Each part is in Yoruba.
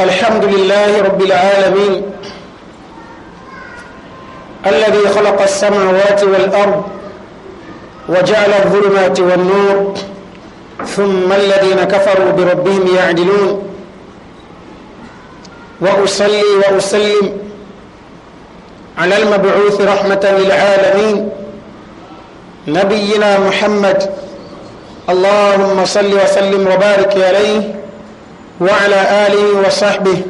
الحمد لله رب العالمين الذي خلق السماوات والأرض وجعل الظلمات والنور ثم الذين كفروا بربهم يعدلون وأصلي وأسلم على المبعوث رحمة للعالمين نبينا محمد اللهم صل وسلم وبارك عليه وعلى آله وصحبه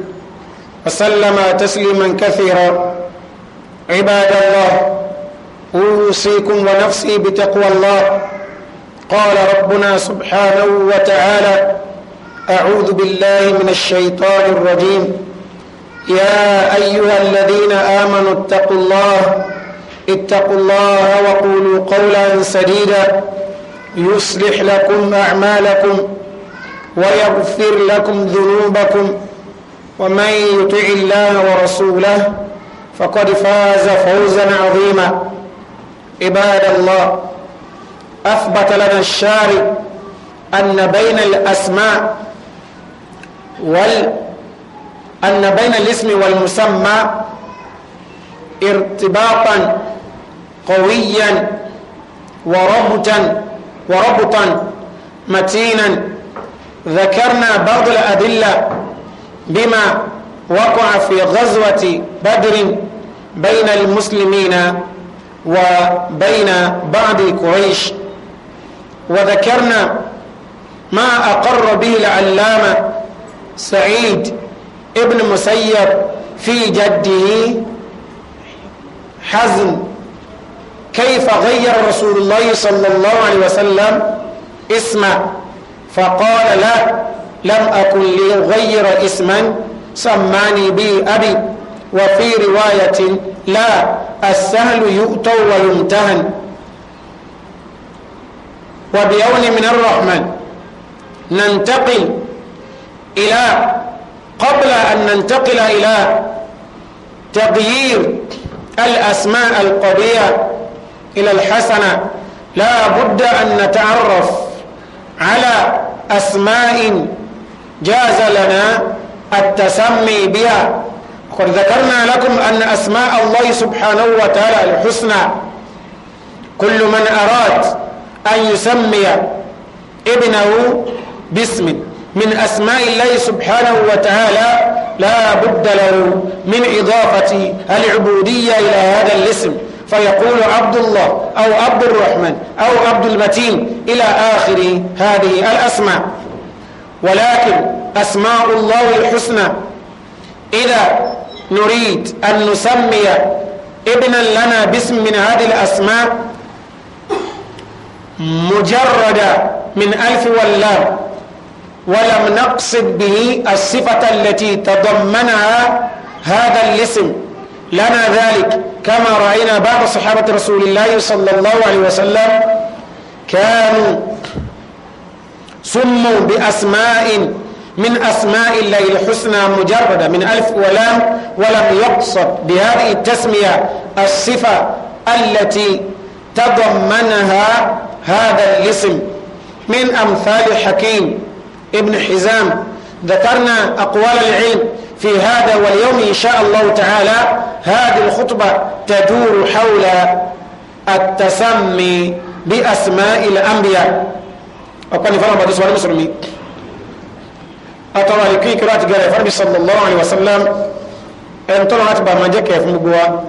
وسلم تسليما كثيرا عباد الله أوصيكم ونفسي بتقوى الله قال ربنا سبحانه وتعالى أعوذ بالله من الشيطان الرجيم يا أيها الذين آمنوا اتقوا الله اتقوا الله وقولوا قولا سديدا يصلح لكم أعمالكم ويغفر لكم ذنوبكم ومن يطع الله ورسوله فقد فاز فوزا عظيما عباد الله أثبت لنا الشارع أن بين الأسماء وال أن بين الاسم والمسمى ارتباطا قويا وربطا وربطا متينا ذكرنا بعض الأدلة بما وقع في غزوة بدر بين المسلمين وبين بعض قريش وذكرنا ما أقر به العلامة سعيد ابن مسيب في جده حزم كيف غير رسول الله صلى الله عليه وسلم اسمه فقال لا لم أكن لأغير اسما سماني به أبي وفي رواية لا السهل يؤتى ويمتهن وبيون من الرحمن ننتقل إلى قبل أن ننتقل إلى تغيير الأسماء القضية إلى الحسنة لا بد أن نتعرف على أسماء جاز لنا التسمي بها وقد ذكرنا لكم أن أسماء الله سبحانه وتعالى الحسنى كل من أراد أن يسمي ابنه باسم من أسماء الله سبحانه وتعالى لا بد له من إضافة العبودية إلى هذا الاسم فيقول عبد الله أو عبد الرحمن أو عبد المتين إلى آخر هذه الأسماء ولكن أسماء الله الحسنى إذا نريد أن نسمي ابنا لنا باسم من هذه الأسماء مجرد من ألف واللام ولم نقصد به الصفة التي تضمنها هذا الاسم لنا ذلك كما رأينا بعض صحابة رسول الله صلى الله عليه وسلم كانوا سموا بأسماء من أسماء الله الحسنى مجردة من ألف ولام ولم يقصد بهذه التسمية الصفة التي تضمنها هذا الاسم من أمثال حكيم ابن حزام ذكرنا أقوال العلم في هذا واليوم إن شاء الله تعالى هذه الخطبة تدور حول التسمي بأسماء الأنبياء أقول فرما بعد سؤال المسلمين أترى لكي كرات قال فرمي صلى الله عليه وسلم أن طلعت برمجك في مقوى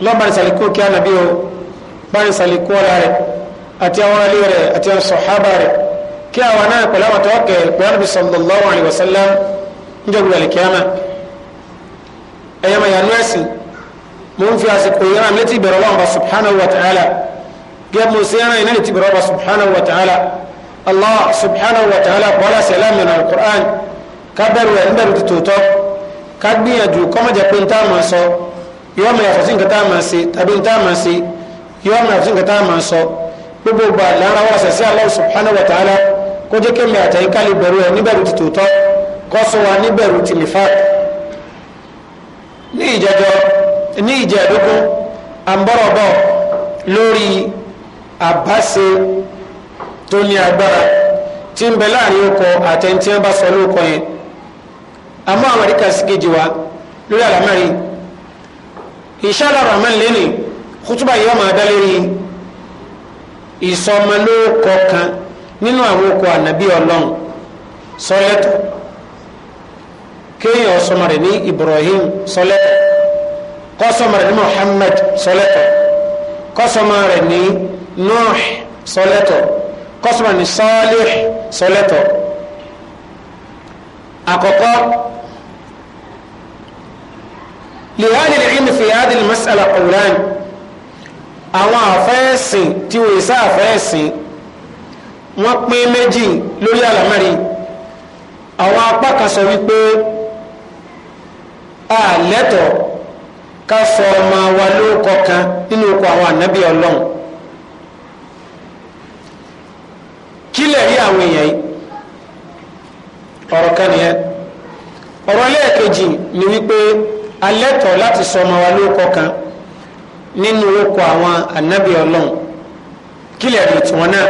لا بان سالكو كان نبيه بان سالكو لاري أتيا ليري أتيا الصحابة كي أولا قلما توقع قال صلى الله عليه وسلم njẹ́gun alikiyama ẹ̀yẹ́mà yanu ẹ̀sìn mo ń fi àsìkò yẹn àmì létí ìbẹ̀rẹ̀ ọlọ́run bá subhanahu wa ta'ala gẹ́gẹ́ mo sí ẹran yẹn létí ìbẹ̀rẹ̀ ọba subhanahu wa ta'ala allah subhanahu wa ta'ala kọ́lá sẹ́lámù nà alukur'an ká bẹ̀rù ẹ̀ ń bẹ̀rù ti tòótọ́ ká gbìyànjú kọ́mọ̀jẹ̀ pé ń tá a máa sọ yọ́ọ́ mọ̀ yàtọ̀ sí nǹkan tá a máa ṣe tàbí ń tá allah subhanahu wa ta'ala kó jẹ́ kẹ́mi àtẹ̀yìn kálí bẹ̀rù ẹ̀ níbẹ̀rù ti tòótọ́ kọ́sọ̀ wa níbẹ̀rù tìlífàt ní ìjẹjọ ní ìjẹ̀dógún àǹbọ̀rọ̀bọ̀ lórí àbáṣe tó ní agbára tí ń bẹ láàrin ọkọ̀ àtẹ̀ntì ẹ̀ bá sọ lóko yẹn àmọ́ àwọn àríkà sí kejì wa lórí àlámẹ́rin ìṣáàlà rahman lẹ́nì kútúbà yìí wọ́n máa dá lórí kan nínú àwọn ọkọ̀ ànábì ọlọ́run sọ́lẹ́tọ̀ kéèyàn sọmọ rẹ̀ ní Ibrahim sọlẹtọ kọsọmọ rẹ̀ ní Muhammad sọlẹtọ kọsọmọ rẹ̀ ní Nuh sọlẹtọ kọsọmọ rẹ̀ ní Salih sọlẹtọ àkọ́kọ́ lihadi lihimi fi hadi masala qawlan àwọn àfẹ́sìn tí wòye sá àfẹ́sìn wọ́n pín méjì lórí àlámẹ́rin àwọn apá kan sọ wípé àlẹ́tọ̀ ká sọ ọmọ wa lóòkọ kan nínú oko àwọn ànábì ọlọ́run kílẹ̀ rí àwọn èèyàn yìí ọ̀rọ̀ kan nìyẹn ọ̀rọ̀ lẹ́ẹ̀kejì ni wípé alẹ́tọ̀ láti sọ ọmọ wa lóòkọ kan nínú oko àwọn ànábì ọlọ́run kílẹ̀ rí tiwọn náà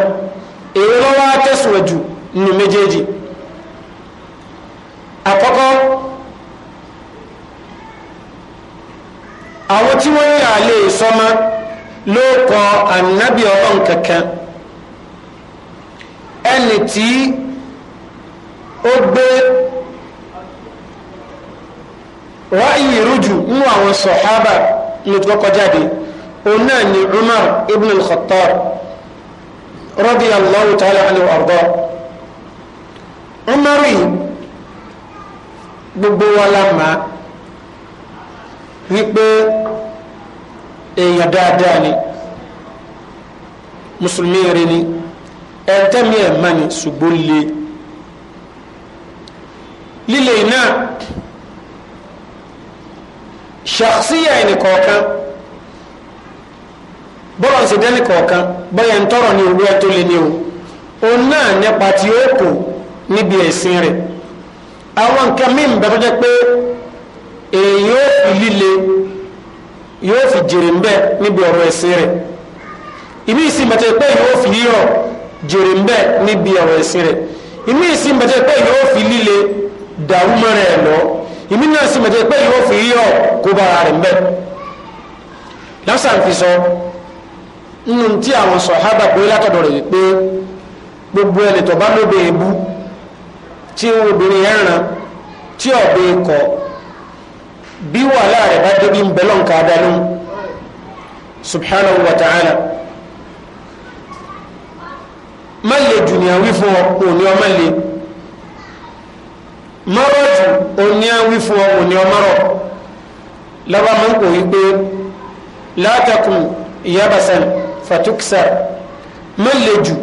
èyí lọ́wọ́ á tẹ̀sùn nínú méjèèjì àkọ́kọ́. àwọn tí wọ́n yà á lè sọ́mọ́ ló kọ ànábì ọlọ́run kankan ẹni tí ó gbé ráyì rújù nínú àwọn sọ̀hábà ló ti kọ́kọ́ jáde òun náà ni Umar ibn al-Khattab radiyallahu ta'ala anhu arda Umar yìí gbogbo wa la máa wípé èèyàn dáadáa ni mùsùlùmí rẹ ni ẹ̀ńtẹ́mi ẹ̀ mọ́ ni ṣùgbọ́n lè líle náà ṣàkṣíyà ẹnì kọ̀ọ̀kan bọ́lá ń ṣe dẹ́nì kọ̀ọ̀kan bọ́yà ń tọrọ ní owó tó lé ní o òun náà nípa tí ó kù níbi ẹ̀sìn rẹ̀ àwọn nǹkan míì ń tó jẹ́ pé èyí yóò fi líle yóò fi jèrè ń bẹ níbi ọ̀rọ̀ ẹ̀sìn rẹ̀ ìmí ìsìn pé yóò fi rírọ̀ jèrè ń bẹ níbi ọ̀rọ̀ ẹ̀sìn rẹ̀ ìmí ìsìn pé yóò fi líle dàrú mọ́rẹ̀ ẹ̀ lọ ìmí náà sì pé yóò fi kó bí wàhálà rẹ̀ bá débi ń bẹ́lọ̀ nǹkan adánú subhanahu wa ta'ala má lè jù ní àwí fún ọ òní ọ má lè mọ́rọ̀ jù òní àwí fún ọ òní ọ mọ́rọ̀ lọ́ba mọ́ kò wí pé látàkùn yabasan fatuksa má lè jù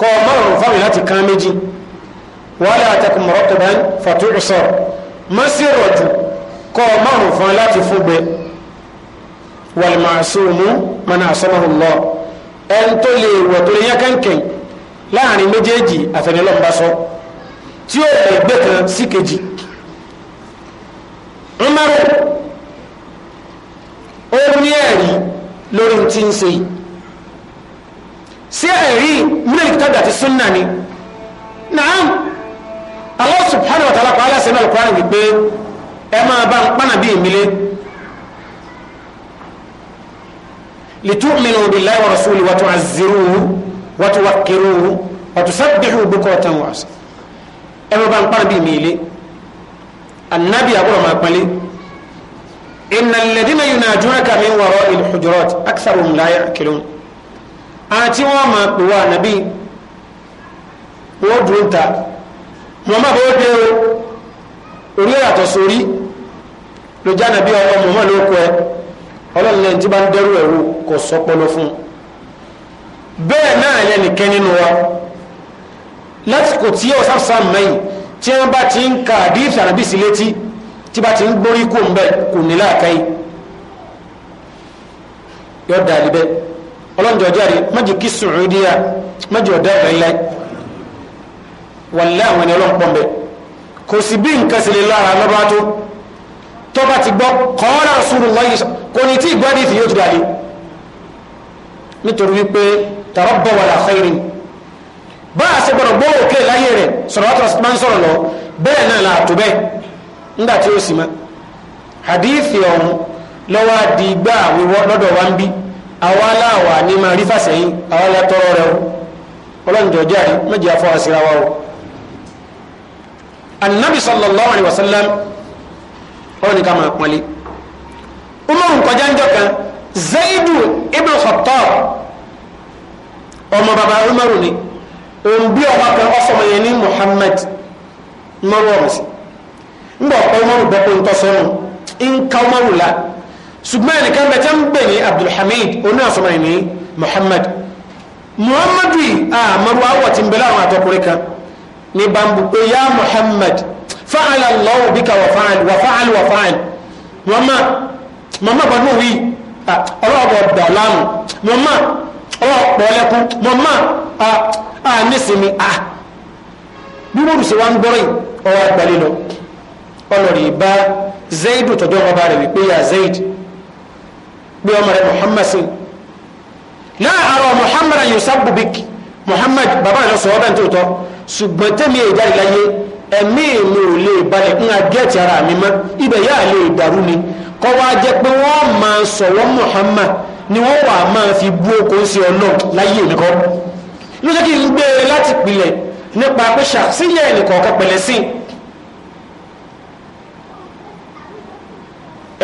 kọ́ mọ́rọ̀ fáwọn láti kán méjì wàhálà àtàkùn mọ́rọ̀ tó bá ń má sí rọ̀ jù kọ́ márùn fún láti fúgbe wàlmàṣúmù mọ́nà àṣọ́mọ́rún lọ ẹni tó lè wọ̀ tó lè yá kẹ́ńkẹ́ń láàrin méjèèjì àfẹnilọ́mbasọ́ tí ó lè gbé kan sí kejì Umaru ó ní ẹ̀rí lórí tí ń ṣe sí ẹ̀rí mílíkì tàbí àti súnnà ni naam Allah subhanahu wa ta'ala kọ́ aláṣẹ náà kọ́ àrùn wípé ẹ máa bá ń pànà bí èmi lé litu'minu billahi wa rasuli wa tu'azziruhu wa tuwaqqiruhu wa tusabbihu bukratan wa asila ẹ máa bá ń pànà bí èmi lé annabi àbúrò máa pẹ́lẹ́ innal ladina yunajunaka min wara'il hujurat aktharuhum la ya'qilun àti wọ́n máa pè wá nàbí wọ́n dùn ta wọ́n máa bọ́ dé o. orí ẹ̀yàtọ̀ sórí ló jáde bí ọmọ mọ̀mọ́ ló kọ ẹ tí bá ń dẹ́rù ẹ̀rù kò sọpọlọ fún bẹ́ẹ̀ náà nìkẹ́ nínú wa lásìkò tí ó sáfsàm mẹ́yìn tí wọ́n bá ti ń ka àdífẹ́ àrẹ́bí sí létí tí bá ti ń gbórí ń kò ní ọlọ́njọ́ jáde kí kò sí bí nǹkan sì lè lára lọ́ba tó tó bá ti gbọ́ kọ́ọ́rà Rasulullahi kò ní tí ìgbọ́dí fi yóò ti dàlẹ́ nítorí wípé tarabba wala khairin bá a ṣe gbọ́dọ̀ gbọ́ òkè láyé rẹ̀ sọ̀rọ̀ wàtò máa ń sọ̀rọ̀ lọ bẹ́ẹ̀ náà là tó bẹ́ẹ̀ nígbà tí ó sì mọ́ hadithi ọ̀hún lọ́wọ́ àdìgbà wíwọ́ lọ́dọ̀ wa ń bí àwa aláwa ní máa rí fàṣẹyìn àwa látọrọ rẹ o ọlọ́njọ́ jáde méjì afọ́ àṣírà o anabi sallallahu alayhi wa sallam ó ní ká máa pọ́nlé umaru kọjá ń jọ kan zaidu ibn khattab ọmọ baba umaru ni òun bí ọmọ kan ọsọmọ yẹn ní muhammad mọ́rọ́ ọ̀rọ̀ sí ń bọ̀ pé umaru bẹ́ẹ̀ pé ń tọ́ sẹ́nu ń ka umaru la ṣùgbọ́n ẹnìkan bẹ tẹ́ ń bẹ̀ ní abdulhamid oní ọ̀sọ̀mọ̀ yẹn ní muhammad muhammadu yìí àmọ́rú awọ̀ ti ń bẹ̀rẹ̀ àwọn àtọkùnrin kan ní bambu pé yá Muhammad fa'ala Allahu bika wà fa'al wà fa'al wà fa'al mama mama banu wi ah, ọlọ́ọ̀bọ̀ dọ̀lámù mama ọlọ́ọ̀pọ̀ lẹ́kún mama a ah, ah, nísìnyí a bí wọ́n ṣe wá ń gbọ́rọ̀ yìí ọwọ́ àgbàlẹ̀ lọ ọlọ́rì bá Zaid tọjọ́ ọba rẹ̀ wípé ya Zaid bí ọmọ rẹ̀ Muhammad sí láàárọ̀ Muhammad yusuf bubik Muhammad bàbá rẹ̀ lọ sọ̀rọ̀ bẹ́ẹ̀ tó ṣùgbọ́n tẹ́mi ìjáde láyé ẹ̀mí mi ò lè balẹ̀ ń agẹ́ẹ̀tì ara mi mọ́ ibẹ̀ yáà lè dàrú ni kọ́ wá jẹ́ pé wọ́n máa sọ̀wọ́ Muhammad ni wọ́n wà máa fi bú oko sí ọlọ́ láyé nìkọ́ ló jẹ́ kí n gbé e láti pilẹ̀ nípa pé ṣàṣìyẹ ẹnìkọ̀ọ̀kan pẹ̀lẹ́ sí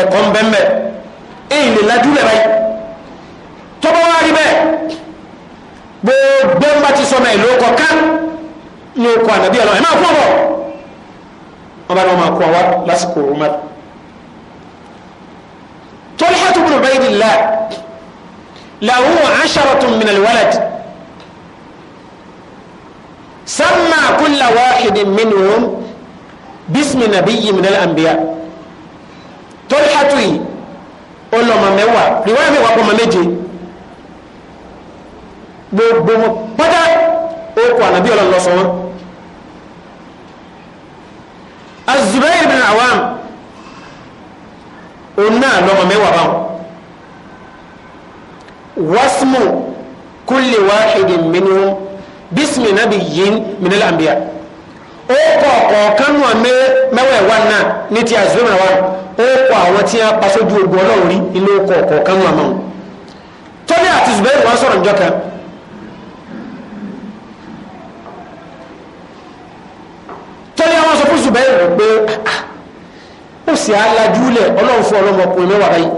ẹ̀kọ́ ń bẹ́ẹ̀ èyí lè lajú lẹ̀ báyìí tọ́bọ̀ wá rí bẹ́ẹ̀ gbogbo ń bá ti sọmọ ìlú ọkọ̀ kan ní okò ànàbí ọlọ́run ẹ máa kú ọ̀bọ̀ wọn bá ní wọn máa kú ọwá lásìkò Umar Talhatu ibn Ubaydillah lahu asharatun min alwalad samma kulla wahidin minhum bismi nabiyyin min al-anbiya Talhatu yìí ọlọ́mọ mẹ́wàá rìwáyà mi wà pọ̀ mọ́ méje gbogbo pátá okò ànàbí ọlọ́run wọn azubair bin awam òun náà lọ́mọ mẹ́wàá báwọn wasmu kulli wahidin minhum bismi nabiyyin minal anbiya ó kọ̀ ọ̀kan nù mẹ́wàá ẹ̀wà náà ní ti azubair bin awam ó kọ àwọn tí a pa sójú ogun ọlọ́run rí inú ọkọ̀ ọ̀kan nù àmọ́ tọ́lẹ̀ àti zubair wọn sọ̀rọ̀ njọ́ kan sẹ́ni àwọn sọ fún ṣùgbọ́n ẹ̀rọ pé ah, ah, ó sì á lajúlẹ̀ ọlọ́run fún ọlọ́mọkùnrin mẹ́wàá báyìí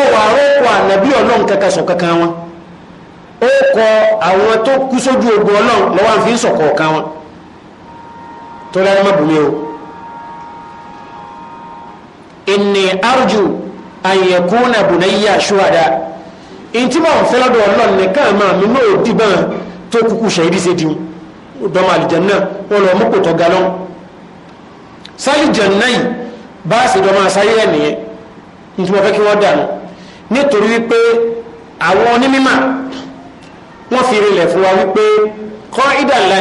ọwọ́ àrọ́pọ̀ ànábí ọlọ́run kankan sọ kankan wọn ó kọ àwọn tó kú sójú ogun ọlọ́run lọ́wọ́ àfi ń sọ̀kọ̀ ọ̀kan wọn tó lára má bùnmi o inni arju an yakuna bunayya shuhada ntí mọ̀ nfẹ́lọ́dọ̀ ọlọ́run nìkan máa mi náà dìbọn tó kúkú ṣe é dìun dọ́mọ àlìjẹ náà wọn lọ mọ́kò tọ́ galọ́n sálì jẹ̀nnáì bá a sì dọ́ máa sáyé ẹ̀ nìyẹn nítorí wọn fẹ́ kí wọ́n dànù nítorí wípé àwọn onímọ̀ wọ́n fi rinlẹ̀ fún wa wípé kọ́ ìdá ni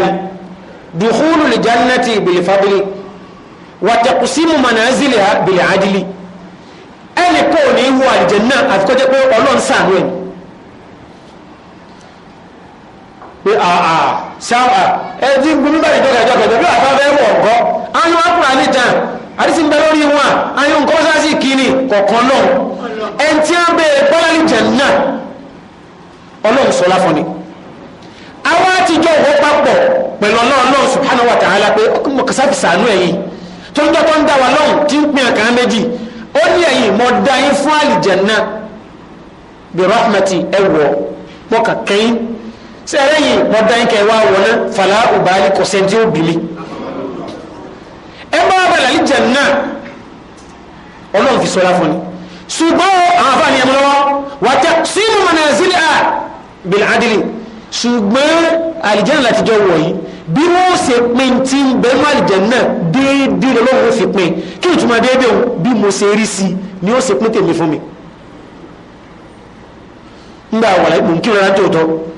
dùkúlù lè jannati bil fadli wàtẹ̀kùsímù manazili bil adili ẹnì kò ní í wọ àlìjẹ̀nnà àfikọ́jẹ́ pé ọlọ́run sàánú ẹ̀ pé àà sáwà ẹtí gbúmí báyìí jọkẹ jọkẹ jọkẹ wà fẹ́ wọ̀ ọ̀gọ́ ayọ̀ akùnrin alẹ́ jà àdìsí ń bẹ lórí wọn ayọ̀ nǹkan sáàsì kìíní kọ̀ọ̀kan náà ẹtí á bẹ bọ́ọ̀lì jẹ̀ náà ọlọ́run sọlá fún ni àwọn àtijọ́ òwò papọ̀ pẹ̀lú ọlọ́run subhanahu wa ta'ala pé mọ̀kásáfì sànú ẹ̀yìn tó ń dọ́kọ́ ń dá wa lọ́hùn tí ń pín àkàn méjì ó ní ẹ̀yìn mọ̀ dá yín fún àlìjẹ̀ náà bí rahmati ẹ̀wọ̀ mọ̀kàkẹ́yìn ṣe ẹ̀rẹ́ yìí wọ́n dá ń kẹ́ wá wọná fàlà òbáàlì kò sẹ́ni tí ó bìlí ẹ bá bàlá lìjà náà ọlọ́run fi sọ́ra fún ni ṣùgbọ́n àwọn afáàní ẹ̀mú lọ́wọ́ wàtá sínú manazili à bìlà adìlì ṣùgbọ́n àlìjáná látijọ́ wọ̀ yìí bí wọ́n ṣe pin tí ń bẹ mọ́ àlìjáná déédéé lọ́wọ́ fi pin kí ìtumọ̀ déédéé òun bí mo ṣe rí sí ni ó ṣe pin tèmi fún mi. ń gbà wàlá ìgbòǹkì lọ́la tó tọ́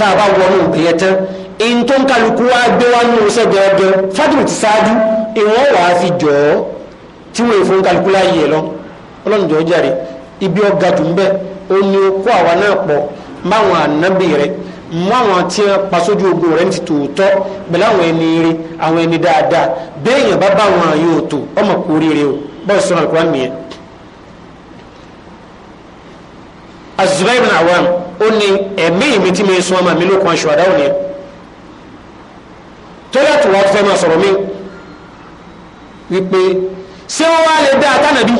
tá a bá wọnú ìyẹn tán in tó ń kálukú wá gbé wá nínú iṣẹ́ gẹ́gẹ́ fátìmù ti ṣáájú ìwọ́n wà á fi jọ ọ́ tí wọ́n èèfó ń kálukú láàyè ẹ̀ lọ ọlọ́run jọ jàre ibi ọ̀gá tó ń bẹ́ ó ní kó àwa náà pọ̀ máwọn ànábì rẹ̀ mú àwọn tí wọ́n pa sójú ogun rẹ̀ ní ti tòótọ́ pẹ̀lú àwọn ẹni ire àwọn ẹni dáadáa béèyàn bá bá àwọn àyè òtò ọmọ kò rere o bọ́ọ̀ sọ́nà àlùkò àmì yẹn Az-Zubayr Awam ó ní ẹ̀mí mi tí mi sun ọmọ mi ló kan ṣùgbọ́n àdáwò ni tó yàtọ̀ wá fẹ́ máa sọ̀rọ̀ mi wípé ṣé wọ́n wá lè dá àtànàbí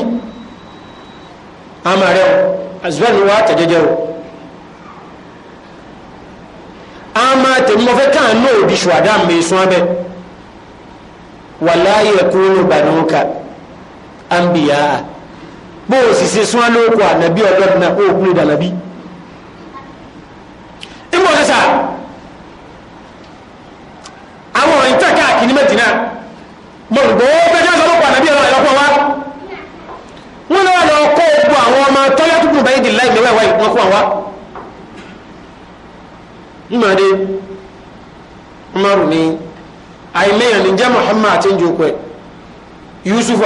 àmà rẹ̀ àzùbẹ́ni wá tẹ̀jẹ́jẹ́ o àmà tèmi mo fẹ́ káàánú òbí ṣùgbọ́n mi sun ọmọ wàláyé kúrò bànúkà àǹbìyà bó o sì ṣe sun ọmọ lóko ànàbí ọlọ́dún náà ó kúrò dànàbí. a àwọn ọ̀rìn tẹ̀ káàkiri ní mẹ́tìnà mọ̀ gbọ́ bẹ́ẹ̀ sọ lọ́pọ̀ ànábì ọ̀rọ̀ ẹ̀yọ́pọ̀ wa wọ́n náà lọ kó gbogbo àwọn ọmọ tọ́lá tó kùn báyìí dìláì lọ́wọ́ ẹ̀wá ìpọ́n fún ni ní jẹ́ Muhammad Yusuf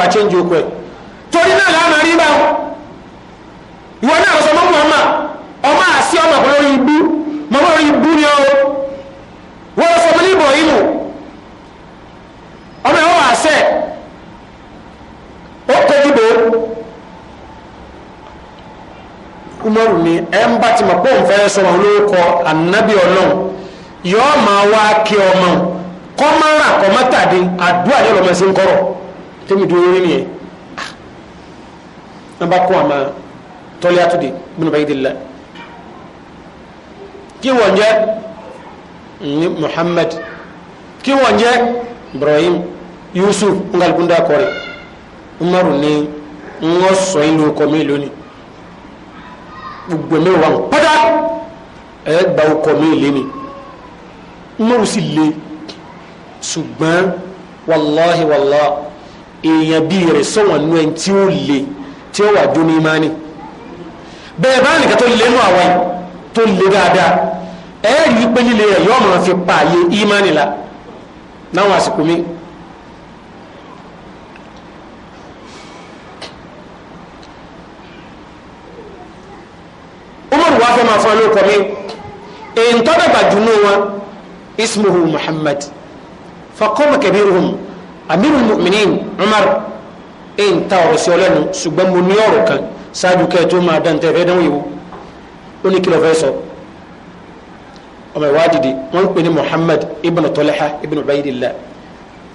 torí náà náà màmá rí bú ni ó wọ́n sọ fún Ibrahim ọmọ ìwọ́n wà ó tẹ́jú bò Umaru ni ẹ ń bá ti mọ̀ pé òun fẹ́ sọ̀rọ̀ lórúkọ ànábì ọlọ́run yọ́ọ́ máa wá kí ọmọ kọ́mọ́rà kọ́mọ́tàdé àdúrà yọ̀rọ̀ mọ̀ sí ń kọ́rọ̀ tẹ́mi dúró rí nìyẹn wọ́n ah. àmà tọ́lẹ́ àtúndì gbọ́dọ̀ kí wọ́n jẹ́ Muhammad kí wọ́n jẹ́ Ibrahim Yusuf ngalbunda kọrẹ Umaru ni ŋɔ sɔn yi ló kɔmi lóni gbogbo mi wà pátá ẹ gbawo kɔmi léni Umaru sì le ṣùgbọ́n wàláhi wàláhi èèyàn bíi rẹ̀ sọ̀wọ́n nù ẹ̀ tí ó le tí ó wà dúnú imáni bẹ́ẹ̀ bá nìkan tó lé nù àwọn yìí tó le dáadáa ẹ̀ẹ́rì yìí pé líle rẹ̀ yọ́ máa fi pààyè ìmánì la náwọn àsìkò mi. umaru wa fẹ́ máa fún alóòkọ mi èyí tó dàgbà jùlọ wọn ismuhu muhammad fakoma kabiruhum amirul mu'minin umar èyí ta ọ̀rọ̀ sí ọlẹ́nu ṣùgbọ́n mo ní ọ̀rọ̀ kan ṣáájú kẹ́ẹ̀ máa dáńtẹ́ fẹ́ dánwò yìí ó ní kí ló fẹ́ sọ. So ọmọ ìwà dìde wọ́n ń pè ní Muhammad ibn Talha ibn Ubaydillah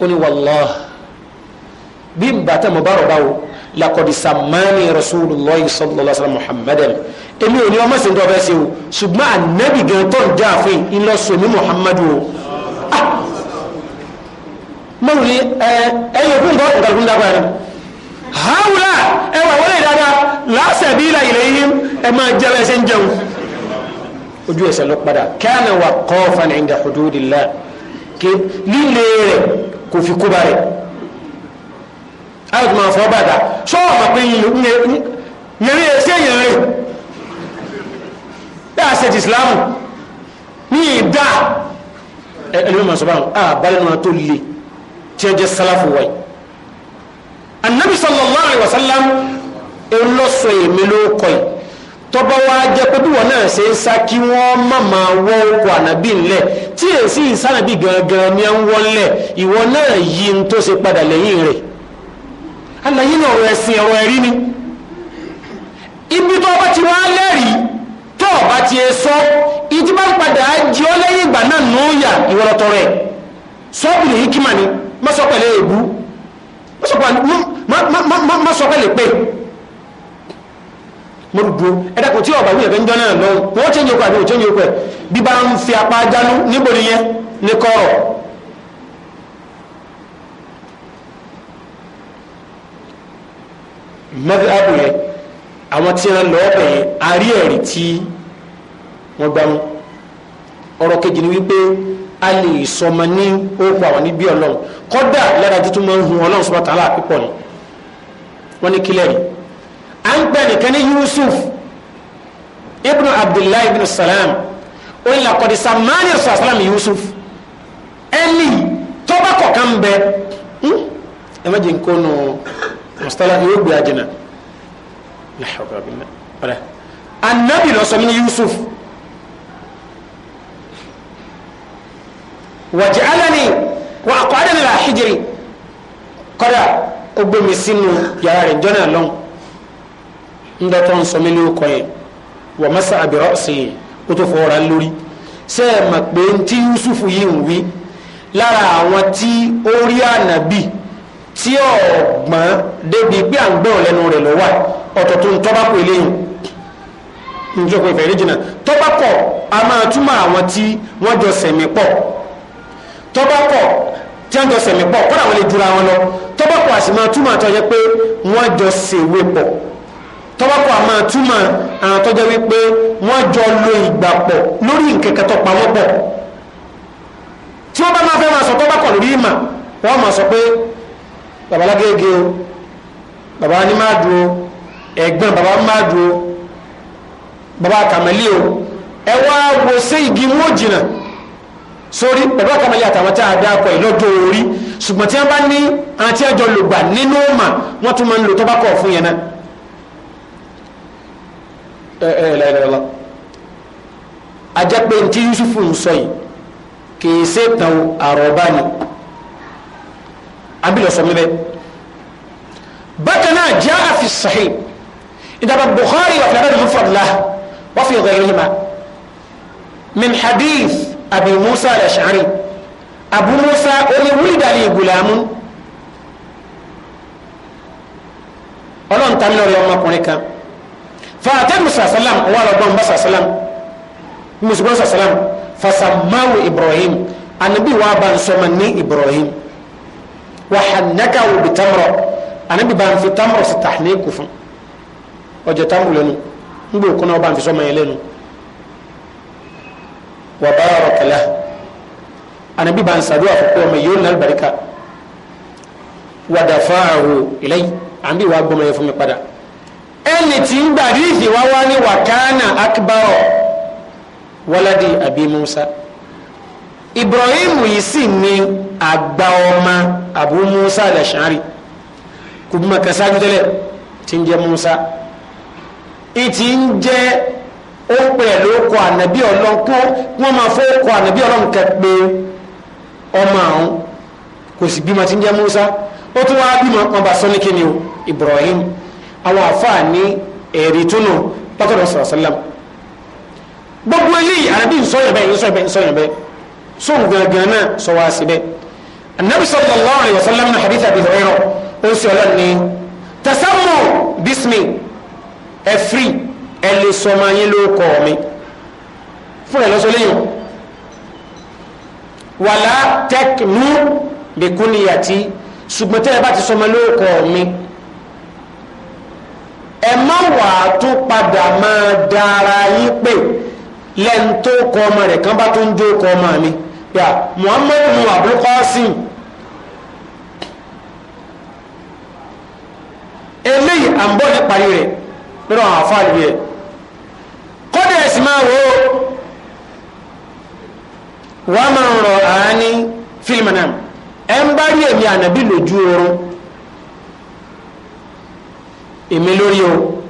ó ní wàlláhi bí n bàtà mo bá rọ̀ báwo lakọ̀dì sàmánì rasulillah sallallahu alaihi muhammadan èmi ò ní ọmọ sí ndọ́ bẹ́ẹ̀ sí o ṣùgbọ́n ànábì gan tó ń dá àfin ńlọ sọmi muhammadu o ah! mọ̀rún ni ẹ ẹ yẹ fún bọ́ọ̀lù nǹkan kúndà hàwùlà ẹ wà wọlé dáadáa lásẹ̀ bí ilà ilẹ̀ yìí ẹ máa jẹ́ ẹ ṣe ń jẹun ojú ẹsẹ̀ lọ padà kana waqafan inda hududillah kí líle rẹ̀ kò fi kóba rẹ̀ ayọ̀ tó máa fọ́ bàtà sọ́ọ̀ máa pé yẹrí ẹsẹ̀ yẹn rẹ̀ bí a ṣe ti Islam ní ìdá ẹni mọ̀ sọ́bàá àbálẹ̀ náà tó le tí ẹ jẹ́ sálàfù wáyé anabi sallallahu alayhi wa sallam ẹ lọ́sọ̀ èmi ló kọ́ yìí. tọba wa jẹ pé bí wọn náà ṣe ń sá kí wọn má máa wọ oko ànábì ńlẹ̀ tí èsì ìsànàbì gangan ni ẹ ń ìwọ náà yí tó ṣe padà lẹ́yìn rẹ̀ àlàyé náà ọrọ ẹsìn ọrọ ẹ̀rí ni ibi tó bá ti tó sọ padà ọ ìgbà mọ̀rùdúró ẹ̀dàkùn tí ọ̀bà wíyẹ̀fẹ́ ń jọ náà lọ́wọ́ wọ́n change okò àbí wọ́n change okò ẹ̀ bí bá ń fi apá jánú níbo ni yẹn ní kọ́rọ̀ mẹ́fì áàbù yẹn àwọn tí wọ́n lọ́ọ́ bẹ̀ yẹn àrí ẹ̀rí tí wọ́n gbá mú ọ̀rọ̀ kejì ni wípé a lè sọmọ ní okò àwọn níbí ọlọ́run kọ́dà lára tuntun máa ń hun ọlọ́run sọ́bàtà à ń pè nìkan ní Yusuf ibn Abdullahi ibn Salam ó ní lakọ̀dí samani sàlám Yusuf ẹni tọ́ba kọ̀ọ̀kan bẹ hmm? ẹ má jẹ́ nǹkan nù mustala yóò gbé àjẹnà anabi lọ sọ mi ní Yusuf. wàjálani wà àkọ́dẹ̀ nira hijiri kọ́dà ó gbé mi sínú yàrá rẹ̀ jọ́nà lọ́hùn ńdọ́tọ́ nsọmílẹ̀ ọkọ yẹn wà mẹ́sà àbẹ̀rọ̀ sí i ó tó fọwọ́ra lórí ṣé ẹ mọ̀ pé tí Yusuf yìí ń wí lára àwọn tí ó rí ànábì tí ọ̀gbọ́n débi pé à ń gbọ́n lẹ́nu rẹ̀ lọ́wọ́ ọ̀tọ̀ tó ń tọ́ba kò eléyìí njoko ìfẹ̀rí jìnnà tọ́ba kọ̀ a máa túmọ̀ àwọn tí wọ́n jọ sẹ̀mí pọ̀ tọ́ba kọ̀ tí jọ sẹ̀mí pọ̀ kọ́dà wọ́n lè jura wọn lọ tọ́ba kọ̀ a yẹ pé wọ́n jọ sèwé pọ̀ tọ́wọ́pọ̀ àmọ́ túmọ̀ àwọn tọ́jọ́ wípé wọ́n jọ lo ìgbà pọ̀ lórí nkẹ̀kẹ́ tó pa wọ́n pọ̀ tí wọ́n bá máa fẹ́ máa sọ tọ́wọ́pọ̀ lórí ìmà wọ́n máa sọ pé babalágége o baba ni máa dúró ẹ̀gbọ́n baba máa dúró baba kàmẹ́lì o ẹ wá wo sí igi mú òjìnà sórí baba kàmẹ́lì àtàwọn tí a dá akọ ìlọ́jọ́ orí ṣùgbọ́n tí wọ́n bá ní àti àjọ lògbà nínú ọmọ wọ́n tún máa ń lo tọ́bákọ̀ fún yẹn náà ẹ̀ẹ́dẹ̀rẹ̀lá ajẹ́ pé tí Yusufu ń sọ yìí kìí ṣe tàn àrọ̀bá ni abilọ̀sọ mi bẹ́ bákan náà jẹ́ àfi sahih ìdàbà Bukhari wà fìlàbẹ́ nínú fọ̀dùlá wà fi ọ̀gá ìlú ma min hadith abi musa al-ash'ari abu musa oní wúlídà ní ìgùlámù ọlọ́ntàmínà rẹ̀ ọmọkùnrin kan fàtẹ́nu sàlám wà lọ́gbọ́n bá sàlám mùsùlùmí sàlám fasamawu ibrahim anabi wa ban sọma ní ibrahim wa hannaka wo bi tamrọ anabi ban fi tamrọ si tahne kufu ọjọ tamrọ lẹnu n b'o kọnọ ban fi sọma yẹ lẹnu wa baara kala anabi ban sadu a fọ ko ma yóò lal barika wa dafaahu ilayi anabi wa gbọmọ yẹ fún mi padà. ẹni tí ń gbà ríìsì wá wá ní wàkánà akbaro wọládì àbí musa ibrahim yìí sì ni àgbà ọmọ abu musa al-Ash'ari kùbùmọ̀ kẹsàájú tẹ́lẹ̀ tí ń jẹ́ musa ìtì ń jẹ́ ó lóko ànàbí máa ànàbí ọmọ àwọn kò sì ń musa ó tún wá bá ni ibrahim. àwọn àfáà ní ẹ̀rí túnú pátọ́dọ̀ sàrọ̀sálàm gbogbo eléyìí àrẹ́bí nsọ́yẹ̀bẹ́ nsọ́yẹ̀bẹ́ nsọ́yẹ̀bẹ́ sóhun gangan náà sọ wá síbẹ̀ anabi sallallahu alayhi wa sallam na hadith abi hurairah ó sì ọlọ́run ní tasamu bismi ẹ̀fírí ẹ̀ lè sọmọ ayé ló kọ́ mi fún ẹ̀ lọ́sọ léyìn wàlá tẹ́kínú bẹ̀kúnìyàtì ṣùgbọ́n tẹ́lẹ̀ bá ti sọmọ ló kọ́ mi. ẹ má wàá tún padà máa dára yín pé lẹ́nu tó kọ ọmọ rẹ̀ kán bá tó ń jó ọmọ mi yà Muhammadu mu Abul eléyìí à ń bọ̀ ní parí rẹ̀ nínú àwọn afáàlì rẹ̀ kọ́dà ẹ̀sìn máa wò ó wàá máa fílmù náà ń èmi lórí o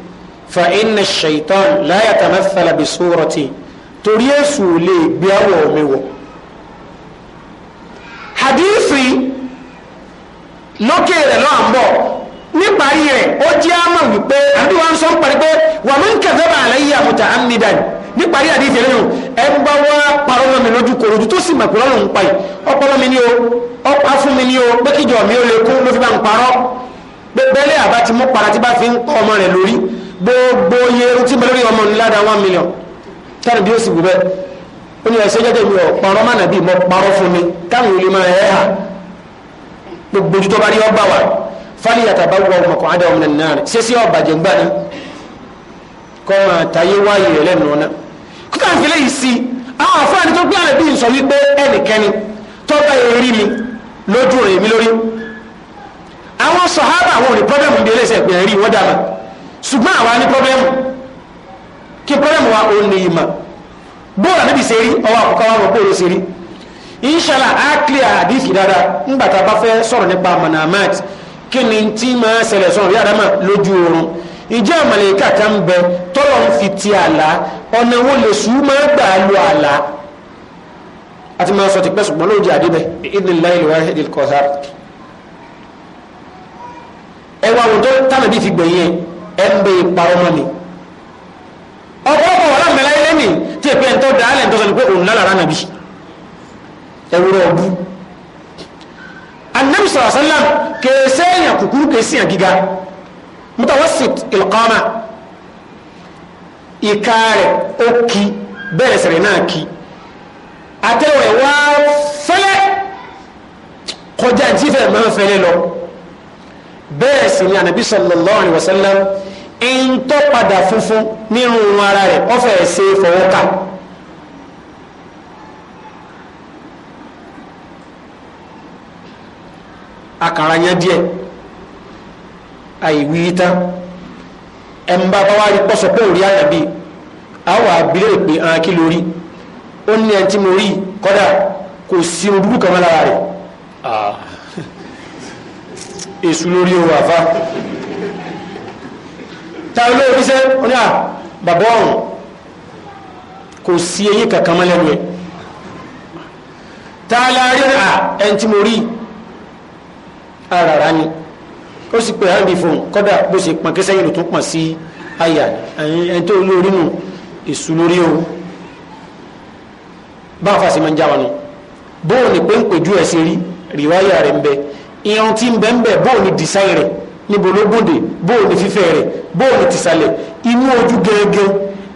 fa inna shaitan la yatamathala bi surati torí èsù lè gbé àwọ̀ mi wọ̀ hadithi lókè rẹ̀ lọ́à ń bọ̀ níparí rẹ̀ ó jẹ́ àmọ̀ wípé àbí wọn sọ ń parí pé wa man kadhaba alayya muta'ammidan níparí hadithi lẹ́yìn ẹ ń bá wá parọ́ mọ́ mi lójú kòròjú tó sì mọ̀kúrọ́ lòún pa yìí ọpọlọ mi ni o ọpa fún mi ni o pé kíjọ mi ò lè kú ló fi bá ń parọ́ bẹ́ẹ̀lẹ́ àbá ti mú para tí bá fi ń pọ́ ọmọ rẹ̀ lórí gbogbo iye irun tí bẹ́ẹ̀ lórí ọmọ ní ládàá one million tẹ́lẹ̀ bí ó sì bù bẹ́ẹ̀ ó ní ẹ̀ṣẹ́ jẹ́jẹ́ mi ò parọ́ mọ́nà bíi mo parọ́ fún mi káwọn olè máa ẹ̀ hà gbogbo ojú tó bá rí ọ bá wa fálí àtàbá wọ ọmọ kan ádá ọmọ náà rẹ̀ ṣé sí ọ̀bàjẹ́ gbà ní kọ́ máa tayé wáyé rẹ̀ lẹ́nu ọ̀nà kíkà ń filẹ̀ yìí sí àwọn àfáàní tó gbé àlẹ́ bíi sọ wípé ẹnikẹ́ni tó bá mi lójú rẹ̀ mi lórí àwọn sọ̀hábà wọn ò ní pọ́blẹ́mù ní ilé iṣẹ́ ìpìlẹ̀ rí wọ́n dàmà ṣùgbọ́n àwa ní pọ́blẹ́mù kí pọ́blẹ́mù wa ò ní ìmọ̀ bóòlù níbi ṣe rí ọwọ́ àkọ́kọ́ wọn kó ló ṣe rí inṣàlá á clear hadith dáadáa nígbà tá a bá fẹ́ sọ̀rọ̀ nípa manamat kí ni tí máa ṣẹlẹ̀ sọ̀rọ̀ bí àdámà lójú oorun ìjẹ́ àmàlẹ́kà ká ń bẹ tọ́lọ̀ ń fi ti àlá ọ̀nà wo lè sùn máa gbà á lo àlá àti máa sọ ti pẹ́ ṣùgbọ́n lóòjì àdébẹ̀ ìdílé láìlú wáhídìl kọ́sáàrì ẹwà àwùjọ tánàbí fi gbẹ̀yìn ẹ ń bẹ ipa ọmọ ni ọ̀pọ̀lọpọ̀ wà láàmì láyé lẹ́nì tí èpè ẹ̀ ń tọ́ da alẹ́ ń tọ́sọ ni pé òun lára nàbí ẹwúrọ̀ ọ̀bú anabi sọ̀rọ̀ sálám kèsè èèyàn kúkúrú kèsè èèyàn gíga mutawasit ilqama ìka rẹ̀ ó kí bẹ́ẹ̀ sẹ̀rẹ̀ náà kí àtẹ̀wẹ̀ wá fẹ́lẹ́ kọjá ìtìfẹ̀ máa fẹ́lẹ́ lọ. bẹ́ẹ̀ sì ni ànàbí sallallahu alaihi ń tọ́ padà funfun nínú ara rẹ̀ ọ̀fẹ́ ṣe fọwọ́ akara yẹn díẹ̀ àìwí tán ẹ̀ ń bá bá rí pọ́sọ̀ pé òrí àyàbí àwọn àbílẹ̀ pé àwọn kí lórí ó ní ẹni tí mo rí kọ́dà kò sí ohun dúdú kan lára rẹ̀ ah. èṣù lórí owó àfá ta ló rí sẹ́ ọ́nà bàbá ọ̀hún kò sí eyín kankan mọ́ lẹ́nu ẹ̀ ta la rí à ẹni tí mo rí àràrá ni ó sì pé àǹdí fún kọ́dà bó ṣe pọ̀n kí sẹ́yìn ló tún pọ̀n sí àyà ẹni tó lórí nù èṣù lórí owó báwọn fàṣẹ máa ń já wọn nù bóun ni pé ń pèjú ẹ̀ sí rí rìwáyà rẹ̀ ń bẹ́ẹ̀ irun tí ń bẹ́ ń bẹ́ bóò ní design rẹ̀ níbo ló gbòde bóò ní fífẹ́ rẹ̀ bóò ní tìsàlẹ̀ inú ojú gẹ́gẹ́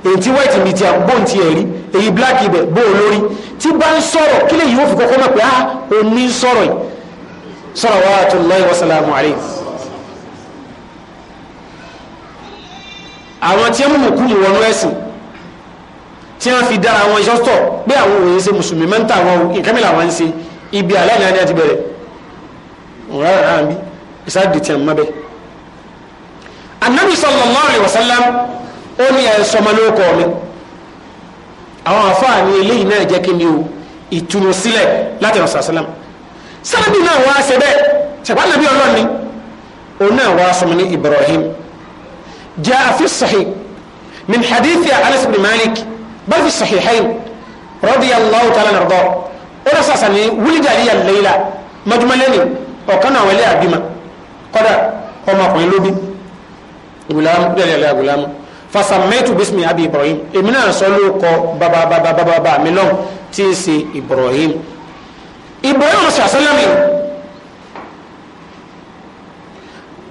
èyí tí white mi ti à bóò ti ẹ̀rí èyí black ibẹ̀ bóò lórí tí bá ń sọ̀rọ̀ kí lè yìí ó fi kọ́kọ́ mọ̀ pé ah òní sọ̀rọ̀ yìí sọ̀rọ̀ wa àtúnláì wasalamu alayhi. àwọn tí wọ́n mú kú ní wọnú ẹ̀sìn tí wọ́n fi dára àwọn iṣẹ́ sọ̀ pé àwọn òye ṣe mùsùlùmí mẹ́ta àwọn ìkẹ́mìlà wọn ń ṣe ibi àlẹ́ ìnáyà ti bẹ̀rẹ̀ rárá mi ìsáàdì tí a mọ́ bẹ́ẹ̀. anabi sallallahu alayhi wa sallam ó ní ẹ̀ sọmọlókọ mi àwọn àfáàní eléyìí náà jẹ́ kí ni o ìtùnú sílẹ̀ láti ràn sàlám sábàbí náà wá ṣe bẹ́ẹ̀ ṣàpá nàbí ọlọ́ni òun náà wá sọmọ ní Ibrahim jaa fi sahih min hadithi Anas bin Malik bal fi sahihayn radiyallahu ta'ala anhu ọ̀rọ̀ sàṣà ní wúlídàá ní yàrá lẹ́yìn la mọ́júmọ́lẹ́ni ọ̀kan náà wọlé àbímọ kọ́dà ọmọkùnrin lóbi gùlámù dẹ́rẹ́ ẹ̀lẹ́ gùlámù fasamẹ́tù bísí mi àbí Ibrahim èmi náà sọ ló kọ bàbàbàbàbà mi lọ́n tí ń ṣe Ibrahim Ibrahim sàṣẹ́lẹ́mì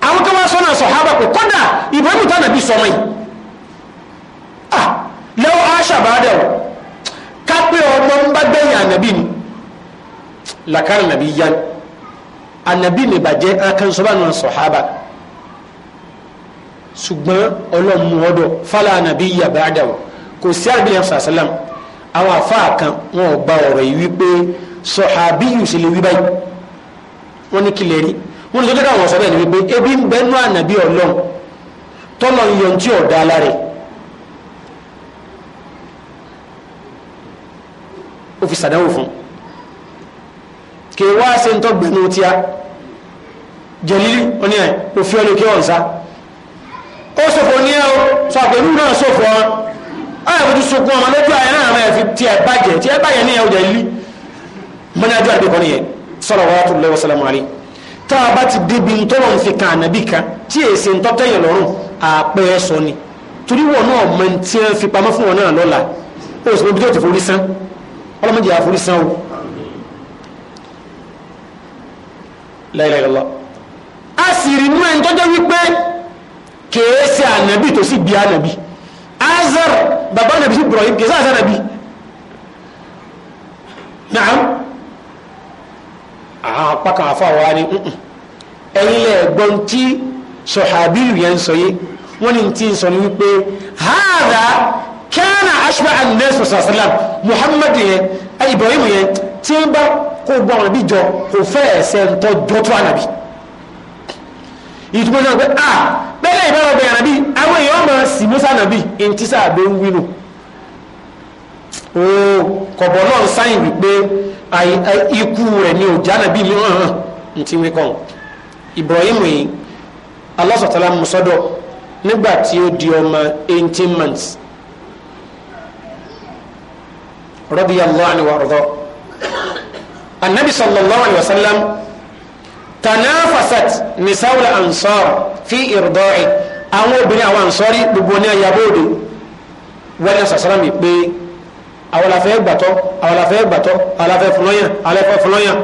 àwọn tó wá sọ́nà sọ̀hábà kò kọ́dà Ibrahim tó nàbí sọmọ yìí ah lẹ́wọ́ aṣàbàdẹ̀ o kápẹ́ ọmọ ń bá gbẹ̀yìn ànàbí ni làkàrẹ̀ nàbí yá ni ànàbí lè bàjẹ́ akánsọ́bà náà sọ̀hábà ṣùgbọ́n ọlọ́mú ọdọ̀ fálà ànàbí yà bá dà wọ́n kò sí àbí yẹn sàṣálàm àwọn àfáà kan wọn ò gba ọ̀rọ̀ yìí wípé sọ̀hábí yìí ṣe lè wí báyìí wọn ní kí lè rí wọn ní lọ́jọ́ káwọn sọ bẹ́ẹ̀ wípé ebi ń bẹnu ànàbí ọlọ́m tọ́lọ́ ń yọntí ọ̀dá fún un kì í wá ṣe ń tọ́gbẹ̀ ní tíá jẹ̀lílì oní ẹ̀ òfin ọ̀nà kí ọ̀nsá ó ṣòfò ní ẹ̀ o sọ àpẹ̀lú náà ṣòfò ọ́n ààbòjú sunkún ọmọ lójú ayé náà rẹ̀ fi tí ẹ bàjẹ́ tí ẹ bàjẹ́ ní ẹ̀ ọjà lílì mọ́ni ajọ́ àdébọ̀ nìyẹn salawatullahi wa salamu alayhi tá a bá ti débi ntọ́lọ̀ ń fi kan ànábì kan tí è ṣe ntọ́tẹ́yìn lọ́rùn àpẹ́ sọ ni torí wọn náà mọ̀ ní tí wọ́n fi pamọ́ fún wọn náà lọ́la ó sì mọ̀ bí tó ti forí san ọlọ́mọdé àforí san o láìláìlọ́lọ́ a sì rí mú ẹni tọ́jọ́ wípé kèé ṣe ànàbí tó sì bí ànàbí azar bàbá ànàbí sí Ibrahim kèé sáà sànàbí naam àpákan àfáwà ni ẹ̀yin lẹ̀ gbọ́n tí sọ̀hábí yẹn sọ yé wọ́n ní tí ń sọ ní wípé hàdà kẹ́nà ashba an-nas sallallahu alaihi yẹn Ibrahim yẹn tí ń bá kó gbọ́ àwọn ìbíjọ kò fẹ́ ẹ̀sẹ̀ ńtọ́ jọ́tọ́ ànàbì ìtumọ̀ náà pé a ah, bẹ́ẹ̀ ìbára ọ̀gbìn ànàbì àwọn èèyàn máa sì mú sànàbì ntí sàbẹ ń wínú o kọ̀bọ̀ náà sáyìn wípé ikú rẹ̀ ni òjá ànàbì ní ọ̀hán ntí wí kàn Ibrahim yìí Allah ta'ala musọ́dọ̀ nígbà tí ó di ọmọ eighteen months radiyallahu anhu wa rọ̀dọ̀. النبي صلى الله عليه وسلم تنافست نساء الأنصار في إرضاعه أو بناء أنصاري ببناء يبودي wọ́n ṣe sàrámì pé àwọn afẹ́ gbàtọ́ àwọn afẹ́ gbàtọ́ àwọn afẹ́ fúnlọ́yàn àwọn afẹ́ fúnlọ́yàn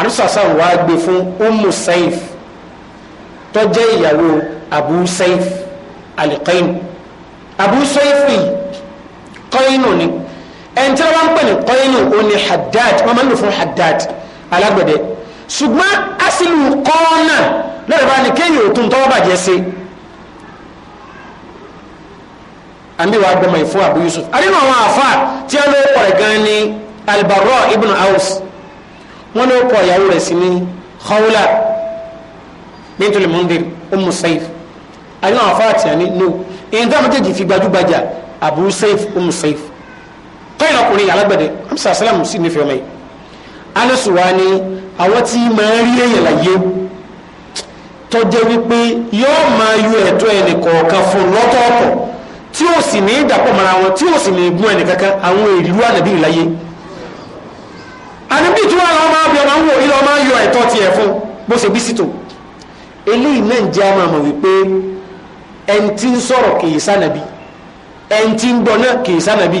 àdúsàsàn wàá gbé fún umu saif tó jẹ́ ìyàwó abu saif alikain abu saif yìí kọ́ínù ni ẹni tí wọ́n ń pè ní kọ́yìnù ó ní haddad wọ́n máa ń lò fún haddad alágbẹ̀dẹ ṣùgbọ́n asìlù kọ́ọ̀nà lọ́dọ̀ bá ní kéèyàn ò tún tọ́wọ́ bàjẹ́ sí àmì wàá gbọmọ ìfún Abu Yusuf àdínà àwọn àfa tí wọ́n ló pọ̀ rẹ̀ gan ni albarro ibn aus wọ́n ló pọ̀ ìyàwó rẹ̀ sí ní khawla bintul mundir umu saif àdínà àwọn àfa tí wọ́n ní no ìyẹn tó àwọn méjèèjì fi gbajúgbajà Abu Saif umu saif tọ́yìn ọkùnrin alágbẹ̀dẹ amsa salam sí nífẹ̀ẹ́ ọmọ yìí anasu wa ni àwọn tí máa rí èèyàn láyé tọ́jẹ́ wípé yóò máa yọ ẹ̀tọ́ ẹnì kọ̀ọ̀kan fún lọtọọtọ tí ó sì ní ìdàpọ̀ mara wọn tí ó sì ní gún ẹnì kankan àwọn èrìlú ànàbí ìláyé ànàbí tí wọn àwọn máa bí ọmọ ń wò ilé ọmọ yọ ẹ̀tọ́ tiẹ̀ fún bó ṣe bí sítò eléyìí náà ń jẹ́ àmọ́ àmọ́ wípé ẹni tí ń sọ̀rọ̀ kì í sànàbí ẹni tí ń náà kì í sànàbí